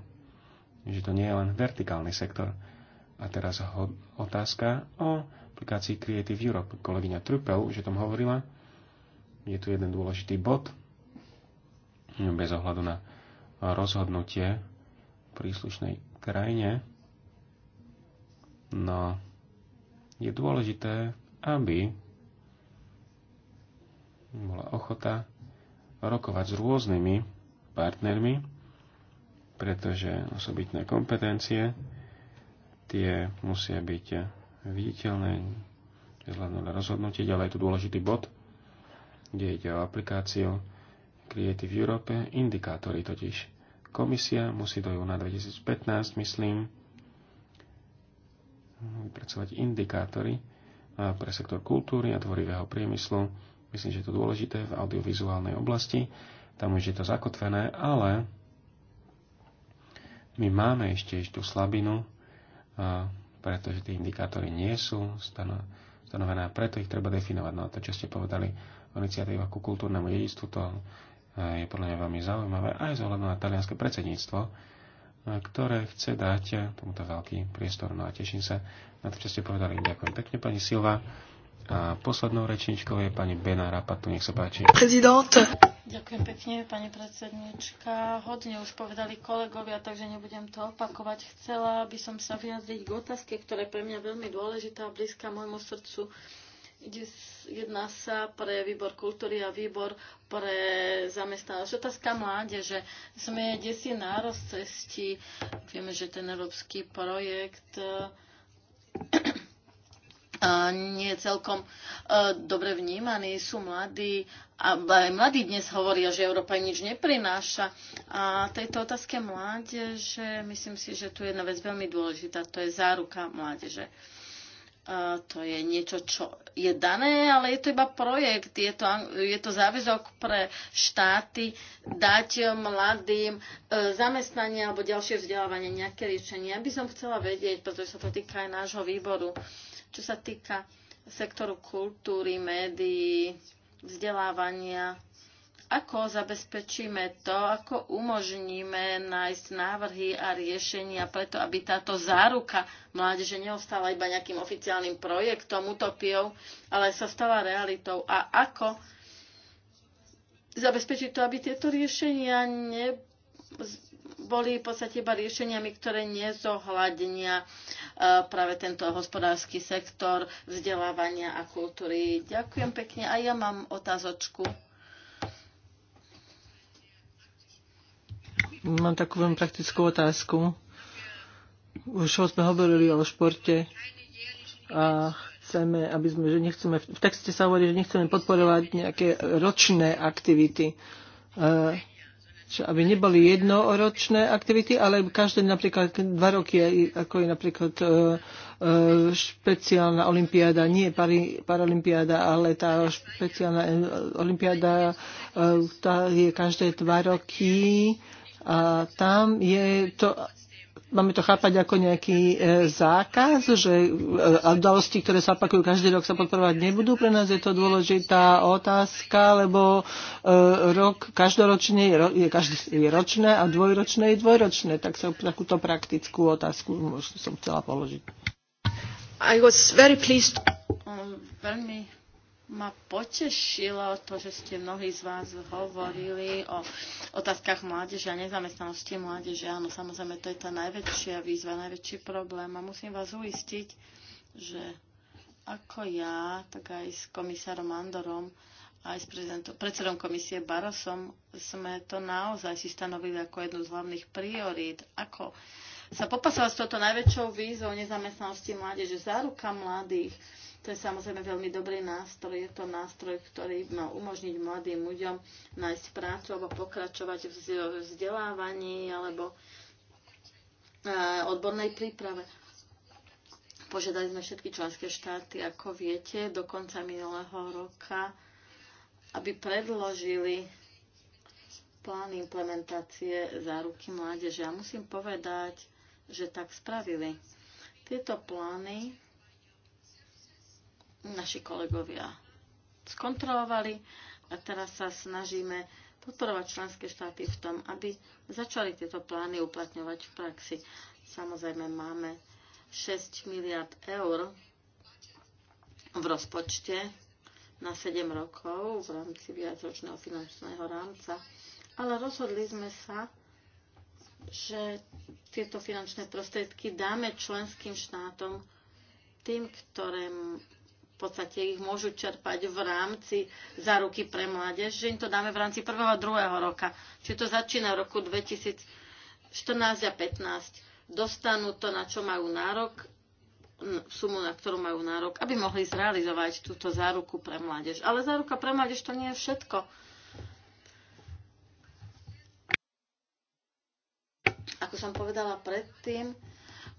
S2: Že to nie je len vertikálny sektor. A teraz otázka o aplikácii Creative Europe. Kolegyňa Trupel už o tom hovorila. Je tu jeden dôležitý bod. Bez ohľadu na rozhodnutie príslušnej krajine. No, je dôležité, aby bola ochota rokovať s rôznymi partnermi, pretože osobitné kompetencie tie musia byť viditeľné vzhľadom na rozhodnutie, ale je tu dôležitý bod, kde ide o aplikáciu Creative Europe, indikátory totiž. Komisia musí do júna 2015, myslím, vypracovať indikátory pre sektor kultúry a tvorivého priemyslu Myslím, že je to dôležité v audiovizuálnej oblasti. Tam už je to zakotvené, ale my máme ešte tú slabinu, pretože tie indikátory nie sú stanovené, preto ich treba definovať. No a to, čo ste povedali o iniciatívach ku kultúrnemu dedictvu, to je podľa mňa veľmi zaujímavé aj z ohľadu na talianské predsedníctvo, ktoré chce dať tomuto veľký priestor. No a teším sa na to, čo ste povedali. Ďakujem pekne, pani Silva. A poslednou rečničkou je pani Bena Rapatu, nech sa páči. Prezident.
S3: Ďakujem pekne, pani predsednička. Hodne už povedali kolegovia, takže nebudem to opakovať. Chcela by som sa vyjadriť k otázke, ktorá je pre mňa veľmi dôležitá a blízka môjmu srdcu. Ide, jedná sa pre výbor kultúry a výbor pre zamestnanosť. Otázka mládeže. Sme desi na rozcesti. Vieme, že ten európsky projekt nie celkom e, dobre vnímaní, sú mladí a aj mladí dnes hovoria, že Európa nič neprináša. A tejto otázke mládeže, myslím si, že tu je jedna vec veľmi dôležitá, to je záruka mládeže. Uh, to je niečo, čo je dané, ale je to iba projekt. Je to, je to záväzok pre štáty dať mladým e, zamestnanie alebo ďalšie vzdelávanie, nejaké riešenie. Ja by som chcela vedieť, pretože sa to týka aj nášho výboru, čo sa týka sektoru kultúry, médií, vzdelávania, ako zabezpečíme to, ako umožníme nájsť návrhy a riešenia preto, aby táto záruka mládeže neostala iba nejakým oficiálnym projektom, utopiou, ale sa stala realitou. A ako zabezpečiť to, aby tieto riešenia ne boli v podstate iba riešeniami, ktoré nezohľadnia e, práve tento hospodársky sektor vzdelávania a kultúry. Ďakujem pekne a ja mám otázočku.
S1: Mám takú veľmi praktickú otázku. Už sme hovorili o športe a chceme, aby sme, že nechceme, v texte sa hovorí, že nechceme podporovať nejaké ročné aktivity. E, aby neboli jednoročné aktivity, ale každé napríklad dva roky, ako je napríklad e, e, špeciálna olimpiáda, nie paralympiáda, ale tá špeciálna e, olimpiáda, tá je každé dva roky a tam je to máme to chápať ako nejaký e, zákaz, že e, udalosti, ktoré sa opakujú každý rok, sa podporovať nebudú. Pre nás je to dôležitá otázka, lebo e, rok každoročne je, každý, je ročné a dvojročné je dvojročné. Tak sa takúto praktickú otázku som chcela položiť.
S2: I was very pleased.
S3: Um, veľmi ma potešilo to, že ste mnohí z vás hovorili o otázkach mládeže a nezamestnanosti mládeže. Áno, samozrejme, to je tá najväčšia výzva, najväčší problém. A musím vás uistiť, že ako ja, tak aj s komisárom Andorom, aj s predsedom komisie Barosom sme to naozaj si stanovili ako jednu z hlavných priorít. Ako sa popasovať s touto najväčšou výzvou nezamestnanosti mládeže, záruka mladých, to je samozrejme veľmi dobrý nástroj. Je to nástroj, ktorý má umožniť mladým ľuďom nájsť prácu alebo pokračovať v vzdelávaní alebo e, odbornej príprave. Požiadali sme všetky členské štáty, ako viete, do konca minulého roka, aby predložili plán implementácie záruky mládeže. A musím povedať, že tak spravili. Tieto plány naši kolegovia skontrolovali a teraz sa snažíme podporovať členské štáty v tom, aby začali tieto plány uplatňovať v praxi. Samozrejme máme 6 miliard eur v rozpočte na 7 rokov v rámci viacročného finančného rámca, ale rozhodli sme sa, že tieto finančné prostriedky dáme členským štátom tým, ktoré v podstate ich môžu čerpať v rámci záruky pre mládež, že im to dáme v rámci prvého a druhého roka. Čiže to začína v roku 2014 a 2015. Dostanú to, na čo majú nárok, sumu, na ktorú majú nárok, aby mohli zrealizovať túto záruku pre mládež. Ale záruka pre mládež to nie je všetko. Ako som povedala predtým,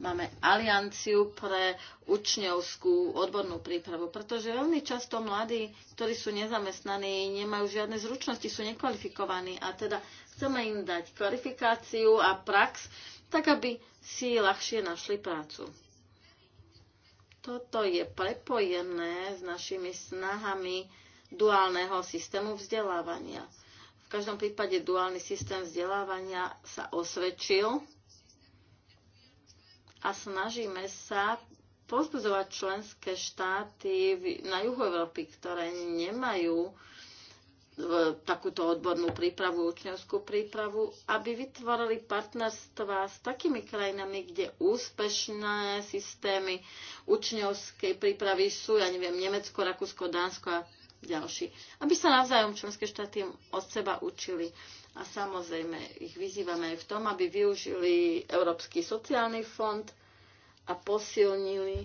S3: máme alianciu pre učňovskú odbornú prípravu, pretože veľmi často mladí, ktorí sú nezamestnaní, nemajú žiadne zručnosti, sú nekvalifikovaní a teda chceme im dať kvalifikáciu a prax, tak aby si ľahšie našli prácu. Toto je prepojené s našimi snahami duálneho systému vzdelávania. V každom prípade duálny systém vzdelávania sa osvedčil a snažíme sa pozbudzovať členské štáty na juhu Európy, ktoré nemajú e, takúto odbornú prípravu, učňovskú prípravu, aby vytvorili partnerstva s takými krajinami, kde úspešné systémy učňovskej prípravy sú, ja neviem, Nemecko, Rakúsko, Dánsko a ďalší. Aby sa navzájom členské štáty od seba učili. A samozrejme ich vyzývame aj v tom, aby využili Európsky sociálny fond a posilnili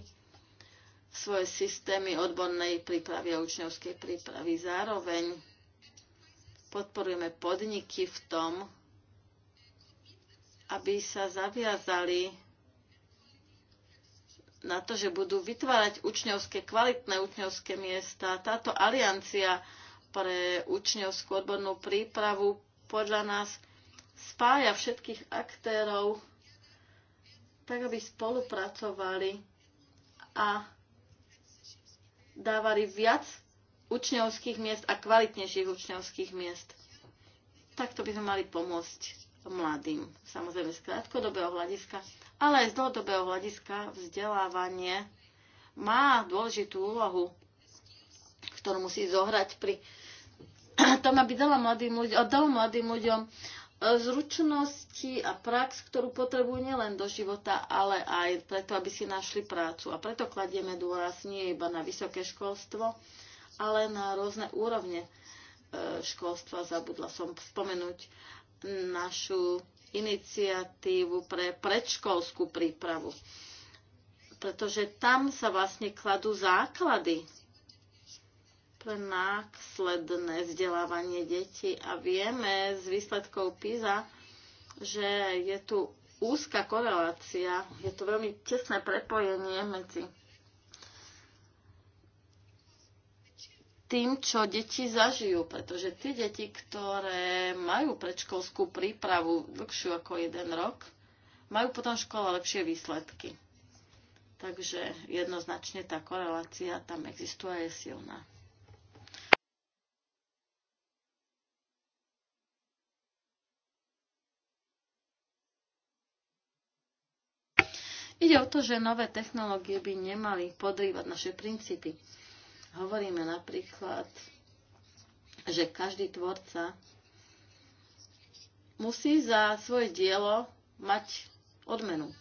S3: svoje systémy odbornej prípravy a učňovskej prípravy. Zároveň podporujeme podniky v tom, aby sa zaviazali na to, že budú vytvárať učňovské, kvalitné učňovské miesta. Táto aliancia pre učňovskú odbornú prípravu podľa nás spája všetkých aktérov, tak aby spolupracovali a dávali viac učňovských miest a kvalitnejších učňovských miest. Takto by sme mali pomôcť mladým. Samozrejme z krátkodobého hľadiska, ale aj z dlhodobého hľadiska vzdelávanie má dôležitú úlohu, ktorú musí zohrať pri to má byť dala mladým ľuďom, dal mladým ľuďom e, zručnosti a prax, ktorú potrebujú nielen do života, ale aj preto, aby si našli prácu. A preto kladieme dôraz nie iba na vysoké školstvo, ale na rôzne úrovne e, školstva. Zabudla som spomenúť našu iniciatívu pre predškolskú prípravu, pretože tam sa vlastne kladú základy pre následné vzdelávanie detí. A vieme z výsledkov PISA, že je tu úzka korelácia, je tu veľmi tesné prepojenie medzi tým, čo deti zažijú, pretože tie deti, ktoré majú predškolskú prípravu dlhšiu ako jeden rok, majú potom v škole lepšie výsledky. Takže jednoznačne tá korelácia tam existuje a je silná. Ide o to, že nové technológie by nemali podrývať naše princípy. Hovoríme napríklad, že každý tvorca musí za svoje dielo mať odmenu,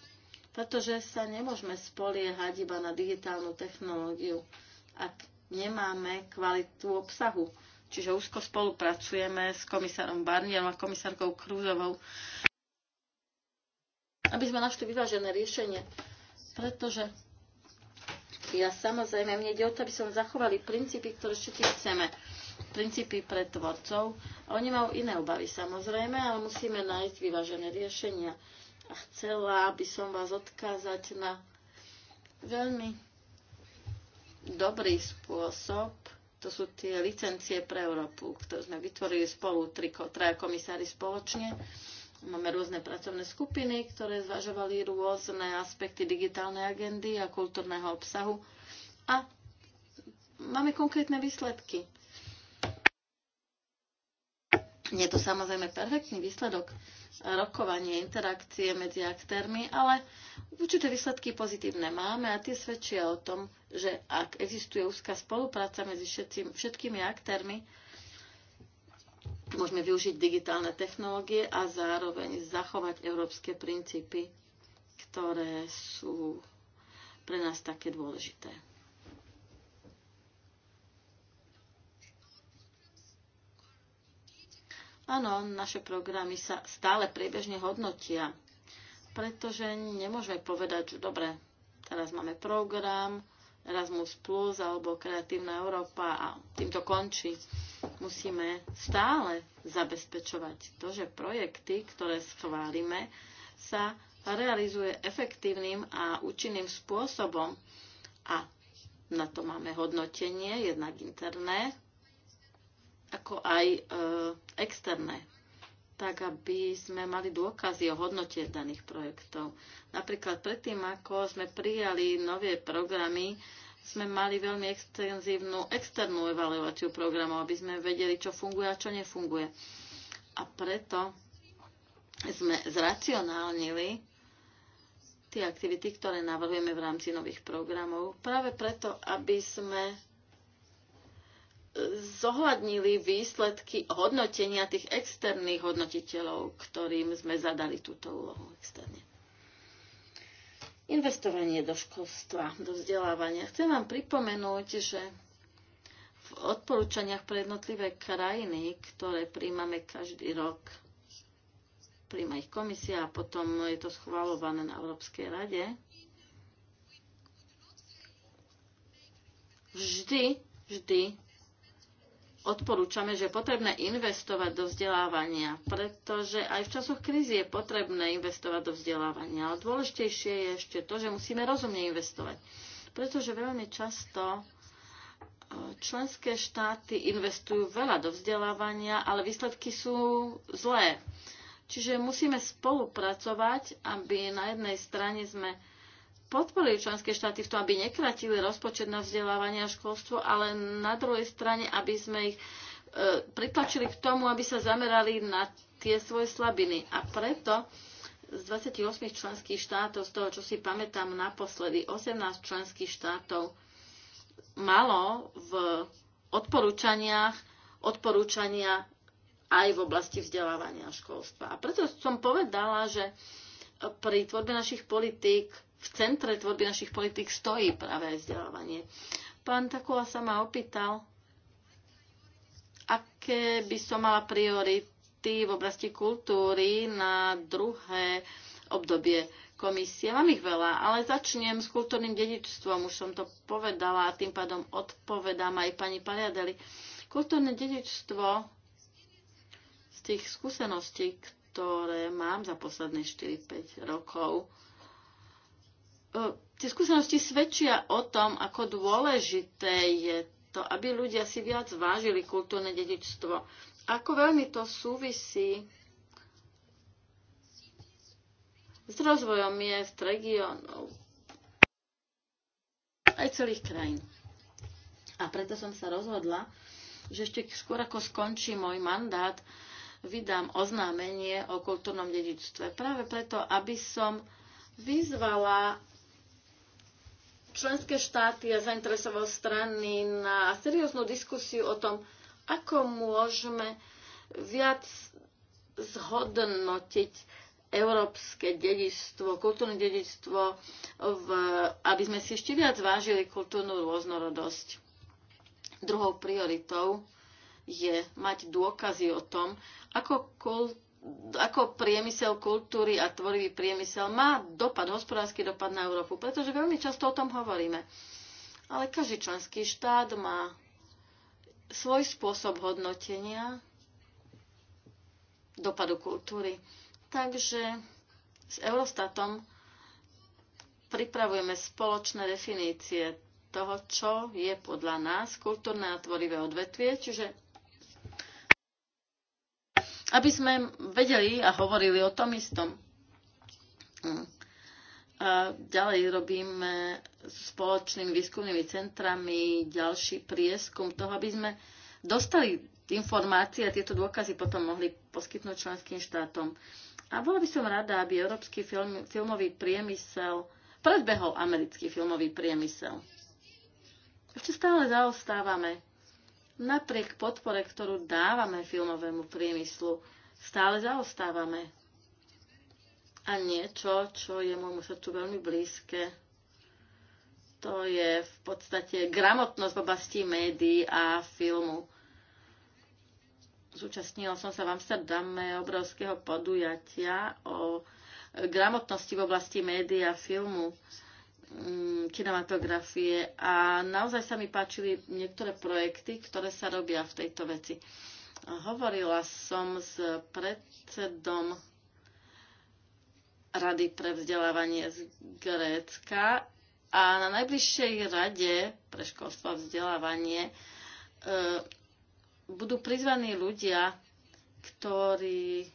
S3: pretože sa nemôžeme spoliehať iba na digitálnu technológiu, ak nemáme kvalitu obsahu. Čiže úzko spolupracujeme s komisárom Barnierom a komisárkou Krúzovou aby sme našli vyvážené riešenie. Pretože ja samozrejme, mne ide o to, aby som zachovali princípy, ktoré všetci chceme. Princípy pre tvorcov. A oni majú iné obavy samozrejme, ale musíme nájsť vyvážené riešenia. A chcela by som vás odkázať na veľmi dobrý spôsob, to sú tie licencie pre Európu, ktoré sme vytvorili spolu, tri, traja komisári spoločne. Uh, Máme rôzne pracovné skupiny, ktoré zvažovali rôzne aspekty digitálnej agendy a kultúrneho obsahu. A máme konkrétne výsledky. Nie je to samozrejme perfektný výsledok rokovanie, interakcie medzi aktérmi, ale určité výsledky pozitívne máme a tie svedčia o tom, že ak existuje úzka spolupráca medzi všetkými aktérmi, môžeme využiť digitálne technológie a zároveň zachovať európske princípy, ktoré sú pre nás také dôležité. Áno, naše programy sa stále priebežne hodnotia, pretože nemôžeme povedať, že dobre, teraz máme program Erasmus Plus alebo Kreatívna Európa a týmto končí musíme stále zabezpečovať to, že projekty, ktoré schválime, sa realizuje efektívnym a účinným spôsobom. A na to máme hodnotenie, jednak interné, ako aj e, externé, tak aby sme mali dôkazy o hodnote daných projektov. Napríklad predtým, ako sme prijali nové programy, sme mali veľmi extenzívnu externú evaluáciu programov, aby sme vedeli, čo funguje a čo nefunguje. A preto sme zracionálnili tie aktivity, ktoré navrhujeme v rámci nových programov, práve preto, aby sme zohľadnili výsledky hodnotenia tých externých hodnotiteľov, ktorým sme zadali túto úlohu externe. Investovanie do školstva, do vzdelávania. Chcem vám pripomenúť, že v odporúčaniach pre jednotlivé krajiny, ktoré príjmame každý rok, príjma ich komisia a potom je to schvalované na Európskej rade, vždy, vždy odporúčame, že je potrebné investovať do vzdelávania, pretože aj v časoch krízy je potrebné investovať do vzdelávania. Ale dôležitejšie je ešte to, že musíme rozumne investovať. Pretože veľmi často e, členské štáty investujú veľa do vzdelávania, ale výsledky sú zlé. Čiže musíme spolupracovať, aby na jednej strane sme podporili členské štáty v tom, aby nekratili rozpočet na vzdelávanie a školstvo, ale na druhej strane, aby sme ich e, pritlačili k tomu, aby sa zamerali na tie svoje slabiny. A preto z 28 členských štátov, z toho, čo si pamätám naposledy, 18 členských štátov malo v odporúčaniach odporúčania aj v oblasti vzdelávania a školstva. A preto som povedala, že pri tvorbe našich politík v centre tvorby našich politik stojí práve aj vzdelávanie. Pán Takula sa ma opýtal, aké by som mala priority v oblasti kultúry na druhé obdobie komisie. Mám ich veľa, ale začnem s kultúrnym dedičstvom. Už som to povedala a tým pádom odpovedám aj pani pariadeli. Kultúrne dedičstvo z tých skúseností, ktoré mám za posledné 4-5 rokov, E, tie skúsenosti svedčia o tom, ako dôležité je to, aby ľudia si viac vážili kultúrne dedičstvo. Ako veľmi to súvisí s rozvojom miest, regionov aj celých krajín. A preto som sa rozhodla, že ešte skôr ako skončí môj mandát, vydám oznámenie o kultúrnom dedičstve. Práve preto, aby som vyzvala členské štáty a zainteresoval strany na serióznu diskusiu o tom, ako môžeme viac zhodnotiť európske dedičstvo, kultúrne dedičstvo, v, aby sme si ešte viac vážili kultúrnu rôznorodosť. Druhou prioritou je mať dôkazy o tom, ako kultúrne ako priemysel kultúry a tvorivý priemysel má dopad, hospodársky dopad na Európu, pretože veľmi často o tom hovoríme. Ale každý členský štát má svoj spôsob hodnotenia dopadu kultúry. Takže s Eurostatom pripravujeme spoločné definície toho, čo je podľa nás kultúrne a tvorivé odvetvie, čiže aby sme vedeli a hovorili o tom istom. Hm. A ďalej robíme spoločnými výskumnými centrami ďalší prieskum toho, aby sme dostali informácie a tieto dôkazy potom mohli poskytnúť členským štátom. A bola by som rada, aby európsky film, filmový priemysel predbehol americký filmový priemysel. Ešte stále zaostávame Napriek podpore, ktorú dávame filmovému priemyslu, stále zaostávame. A niečo, čo je môjmu srdcu veľmi blízke, to je v podstate gramotnosť v oblasti médií a filmu. Zúčastnila som sa v Amsterdame obrovského podujatia o gramotnosti v oblasti médií a filmu. Mm, kinematografie a naozaj sa mi páčili niektoré projekty, ktoré sa robia v tejto veci. Hovorila som s predsedom Rady pre vzdelávanie z Grécka a na najbližšej rade pre školstvo a vzdelávanie e, budú prizvaní ľudia, ktorí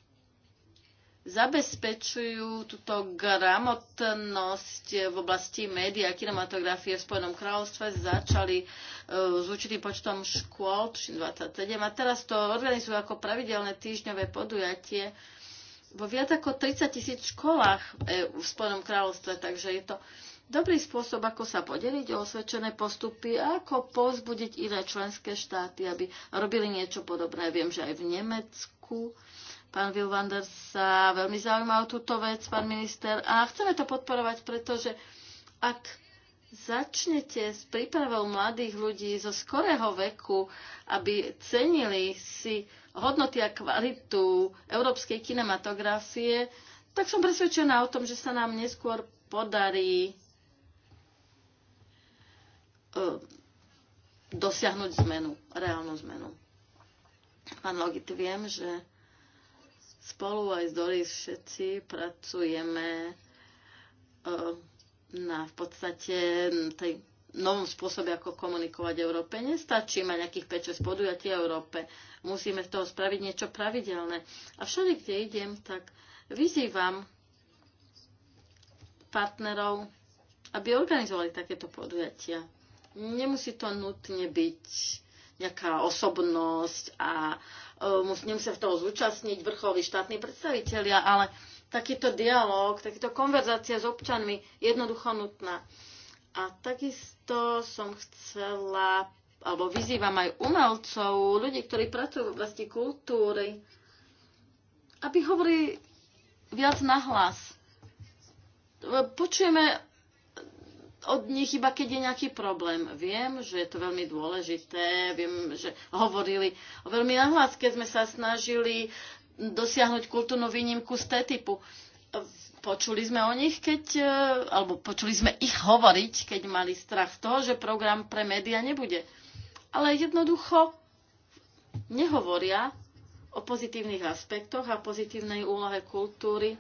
S3: zabezpečujú túto gramotnosť v oblasti médií a kinematografie v Spojenom kráľovstve začali e, s určitým počtom škôl, 27, a teraz to organizujú ako pravidelné týždňové podujatie vo viac ako 30 tisíc školách e v Spojenom kráľovstve, takže je to dobrý spôsob, ako sa podeliť o osvedčené postupy a ako pozbudiť iné členské štáty, aby robili niečo podobné. Viem, že aj v Nemecku Pán Vilvander sa veľmi zaujímal o túto vec, pán minister. A chceme to podporovať, pretože ak začnete s prípravou mladých ľudí zo skorého veku, aby cenili si hodnoty a kvalitu európskej kinematografie, tak som presvedčená o tom, že sa nám neskôr podarí e, dosiahnuť zmenu, reálnu zmenu. Pán Logit, viem, že Spolu aj s Doris všetci pracujeme e, na v podstate tej novom spôsobe, ako komunikovať Európe. Nestačí mať nejakých 5-6 podujatí Európe. Musíme z toho spraviť niečo pravidelné. A všade, kde idem, tak vyzývam partnerov, aby organizovali takéto podujatia. Nemusí to nutne byť nejaká osobnosť a e, nemusia v toho zúčastniť vrcholí štátni predstavitelia, ale takýto dialog, takýto konverzácia s občanmi je jednoducho nutná. A takisto som chcela, alebo vyzývam aj umelcov, ľudí, ktorí pracujú v oblasti kultúry, aby hovorili viac nahlas. E, počujeme od nich iba keď je nejaký problém. Viem, že je to veľmi dôležité, viem, že hovorili o veľmi nahlas, keď sme sa snažili dosiahnuť kultúrnu výnimku z T-typu. Počuli sme o nich, keď, eh, alebo počuli sme ich hovoriť, keď mali strach z toho, že program pre média nebude. Ale jednoducho nehovoria o pozitívnych aspektoch a pozitívnej úlohe kultúry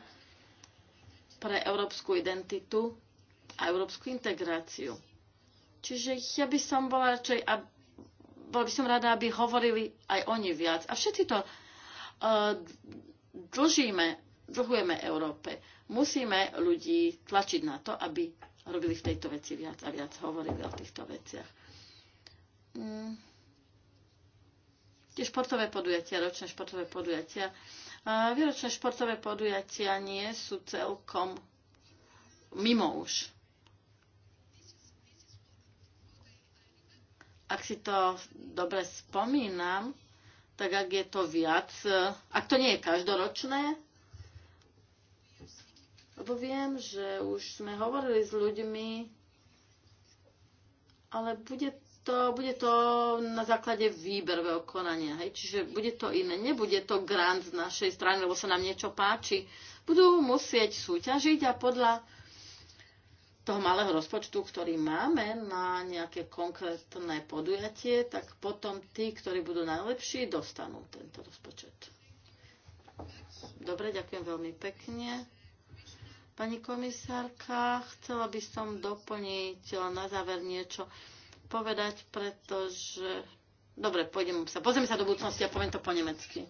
S3: pre európsku identitu a európsku integráciu. Čiže ja by som bola radšej, a bola by som rada, aby hovorili aj oni viac. A všetci to uh, dlžíme, dlhujeme Európe. Musíme ľudí tlačiť na to, aby robili v tejto veci viac a viac hovorili o týchto veciach. Mm. Tie športové podujatia, ročné športové podujatia. Uh, výročné športové podujatia nie sú celkom mimo už ak si to dobre spomínam, tak ak je to viac, eh, ak to nie je každoročné, lebo viem, že už sme hovorili s ľuďmi, ale bude to, bude to na základe výberového konania. Hej? Čiže bude to iné. Nebude to grant z našej strany, lebo sa nám niečo páči. Budú musieť súťažiť a podľa toho malého rozpočtu, ktorý máme na nejaké konkrétne podujatie, tak potom tí, ktorí budú najlepší, dostanú tento rozpočet. Dobre, ďakujem veľmi pekne. Pani komisárka, chcela by som doplniť na záver niečo povedať, pretože... Dobre, pôjdem sa, pozrieme sa do budúcnosti a poviem to po nemecky.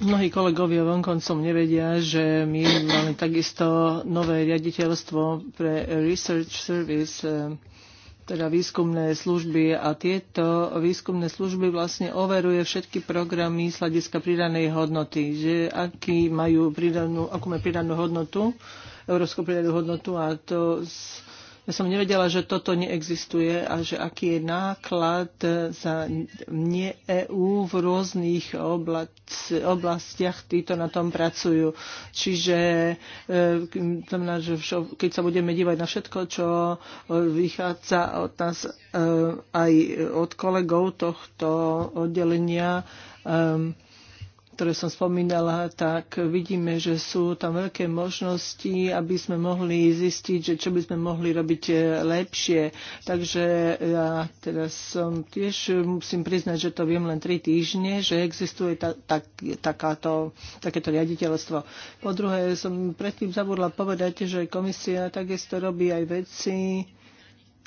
S1: Mnohí kolegovia vonkoncom nevedia, že my máme takisto nové riaditeľstvo pre Research Service, eh, teda výskumné služby a tieto výskumné služby vlastne overuje všetky programy z hľadiska pridanej hodnoty, že aký majú pridanú, akú majú pridanú hodnotu, európsku pridanú hodnotu a to z, ja som nevedela, že toto neexistuje a že aký je náklad za nie EU v rôznych oblastiach, títo na tom pracujú. Čiže e, keď sa budeme dívať na všetko, čo vychádza od nás e, aj od kolegov tohto oddelenia, e, ktoré som spomínala, tak vidíme, že sú tam veľké možnosti, aby sme mohli zistiť, že čo by sme mohli robiť lepšie. Takže ja teraz som tiež musím priznať, že to viem len tri týždne, že existuje ta, ta, takáto, takéto riaditeľstvo. Po druhé, som predtým zabudla povedať, že komisia takisto robí aj veci,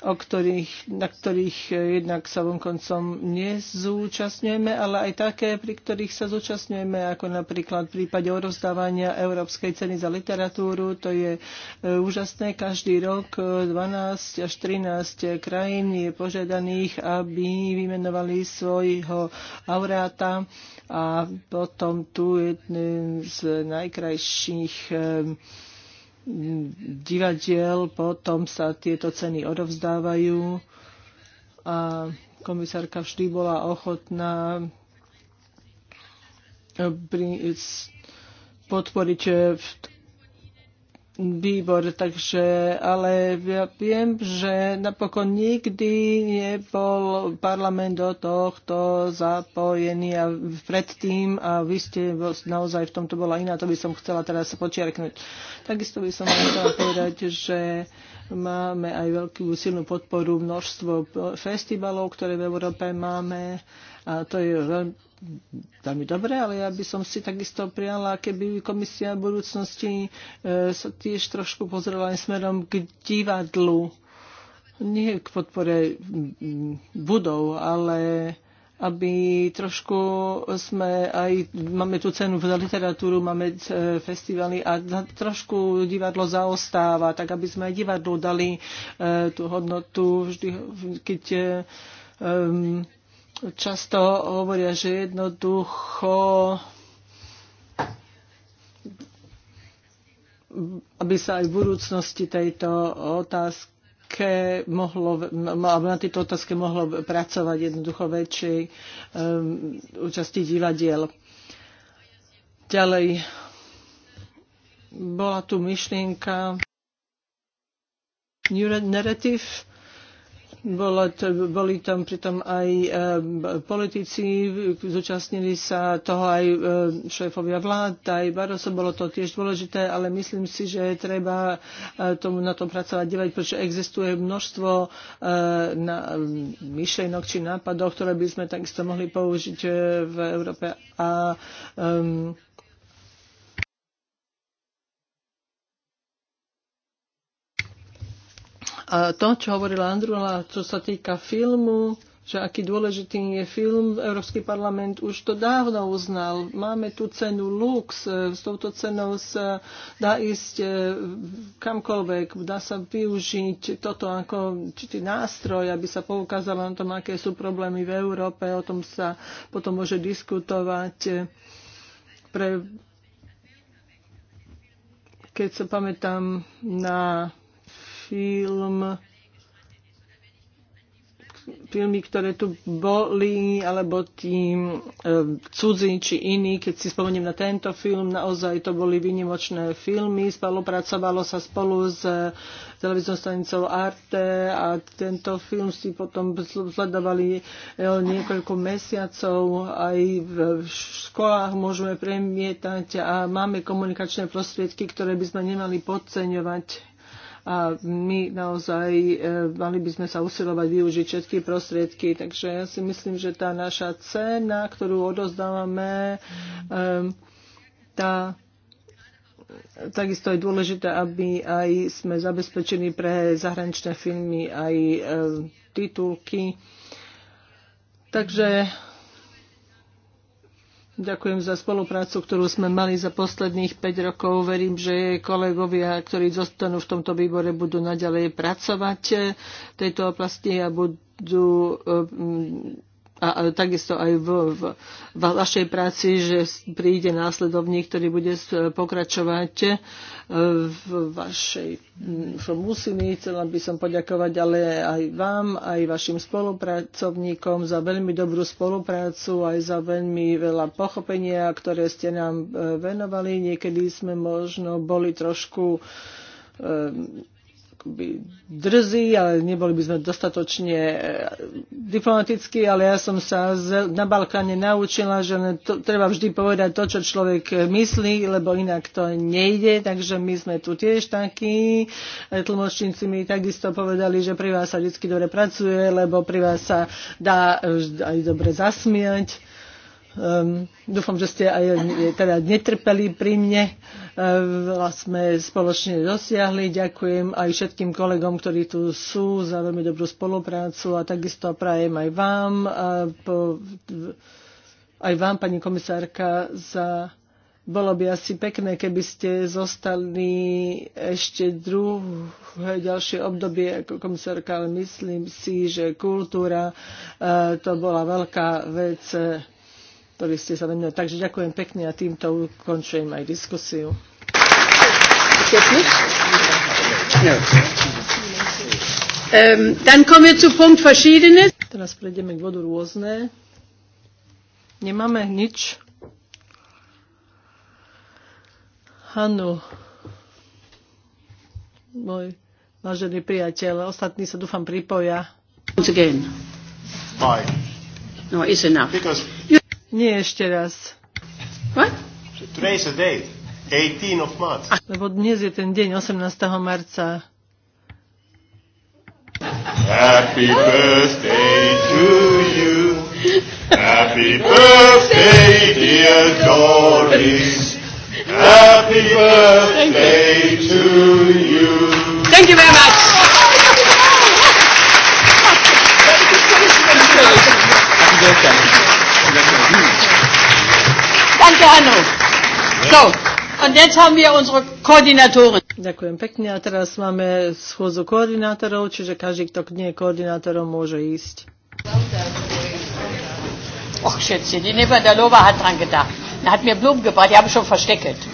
S1: o ktorých, na ktorých e, jednak sa vonkoncom nezúčastňujeme, ale aj také, pri ktorých sa zúčastňujeme, ako napríklad v prípade rozdávania Európskej ceny za literatúru. To je e, úžasné. Každý rok 12 e, až 13 krajín je požiadaných, aby vymenovali svojho aureáta a potom tu je z najkrajších divadiel, potom sa tieto ceny odovzdávajú a komisárka vždy bola ochotná podporiť eh, výbor, takže, ale ja viem, že napokon nikdy nebol parlament do tohto zapojený a predtým a vy ste naozaj v tomto bola iná, to by som chcela teraz počiarknúť. Takisto by som chcela povedať, že máme aj veľkú silnú podporu množstvo festivalov, ktoré v Európe máme a to je veľmi veľmi dobre, ale ja by som si takisto prijala, keby komisia v budúcnosti e, sa tiež trošku pozrela aj smerom k divadlu. Nie k podpore mm, budov, ale aby trošku sme aj, máme tu cenu za literatúru, máme e, festivaly a trošku divadlo zaostáva, tak aby sme aj divadlu dali e, tú hodnotu, vždy, keď e, často hovoria, že jednoducho aby sa aj v budúcnosti tejto otázke mohlo, aby na tejto otázke mohlo pracovať jednoducho väčšej um, účasti divadiel. Ďalej bola tu myšlienka narrative bolo, boli tam pritom aj e, politici, zúčastnili sa toho aj e, šéfovia vlád, aj Baroso, bolo to tiež dôležité, ale myslím si, že treba e, tomu na tom pracovať ďalej, pretože existuje množstvo e, na, myšlienok či nápadov, ktoré by sme takisto mohli použiť e, v Európe. A e, A to, čo hovorila Andrula, čo sa týka filmu, že aký dôležitý je film, Európsky parlament už to dávno uznal. Máme tu cenu Lux, e, s touto cenou sa dá ísť e, kamkoľvek, dá sa využiť toto ako určitý nástroj, aby sa poukázalo na tom, aké sú problémy v Európe, o tom sa potom môže diskutovať. E, pre, keď sa pamätám na film filmy, ktoré tu boli, alebo tým e, cudzí či iní, keď si spomeniem na tento film, naozaj to boli vynimočné filmy, spolupracovalo sa spolu s e, televíznou stanicou Arte a tento film si potom sledovali e, niekoľko mesiacov, aj v školách môžeme premietať a máme komunikačné prostriedky, ktoré by sme nemali podceňovať a my naozaj e, mali by sme sa usilovať využiť všetky prostriedky. Takže ja si myslím, že tá naša cena, ktorú odozdávame, e, tá takisto je dôležité, aby aj sme zabezpečili pre zahraničné filmy aj e, titulky. Takže Ďakujem za spoluprácu, ktorú sme mali za posledných 5 rokov. Verím, že kolegovia, ktorí zostanú v tomto výbore, budú naďalej pracovať v tejto oblasti a budú eh, a, a takisto aj v, v, v vašej práci, že príde následovník, ktorý bude pokračovať e, v vašej úsilí. Chcela by som poďakovať ale aj vám, aj vašim spolupracovníkom za veľmi dobrú spoluprácu, aj za veľmi veľa pochopenia, ktoré ste nám e, venovali. Niekedy sme možno boli trošku um, akoby drzí, ale neboli by sme dostatočne e, diplomatickí, ale ja som sa na Balkáne naučila, že to, treba vždy povedať to, čo človek myslí, lebo inak to nejde, takže my sme tu tiež takí. E, tlmočníci mi takisto povedali, že pri vás sa vždy dobre pracuje, lebo pri vás sa dá e, aj dobre zasmiať. Um, dúfam, že ste aj teda netrpeli pri mne. Uh, vlastne sme spoločne dosiahli. Ďakujem aj všetkým kolegom, ktorí tu sú za veľmi dobrú spoluprácu a takisto prajem aj vám, aj vám, pani komisárka, za bolo by asi pekné, keby ste zostali ešte druhé ďalšie obdobie ako komisárka, ale myslím si, že kultúra to bola veľká vec ktorý ste sa venovali. Takže ďakujem pekne a týmto ukončujem aj diskusiu. Ehm, Teraz prejdeme k bodu rôzne. Nemáme nič. Hanu, môj vážený priateľ, ostatní sa dúfam pripoja.
S3: Once again.
S2: Bye. No, it's enough. Because
S1: nie ešte raz. What?
S2: Today's the date. 18 of March.
S1: Lebo dnes je ten deň 18. marca. Happy birthday
S2: to you. Happy birthday dear Doris. Happy birthday to you. Thank you very much. Happy
S1: birthday. Danke, Hanno. So, und jetzt haben wir unsere Koordinatoren. Ďakujem pekne a teraz máme schôzu koordinátorov, čiže každý, kto nie je koordinátorom, môže ísť. Och, Schätzchen, die Nebadalova hat dran gedacht.
S3: Er hat mir Blumen gebracht, die haben schon versteckelt.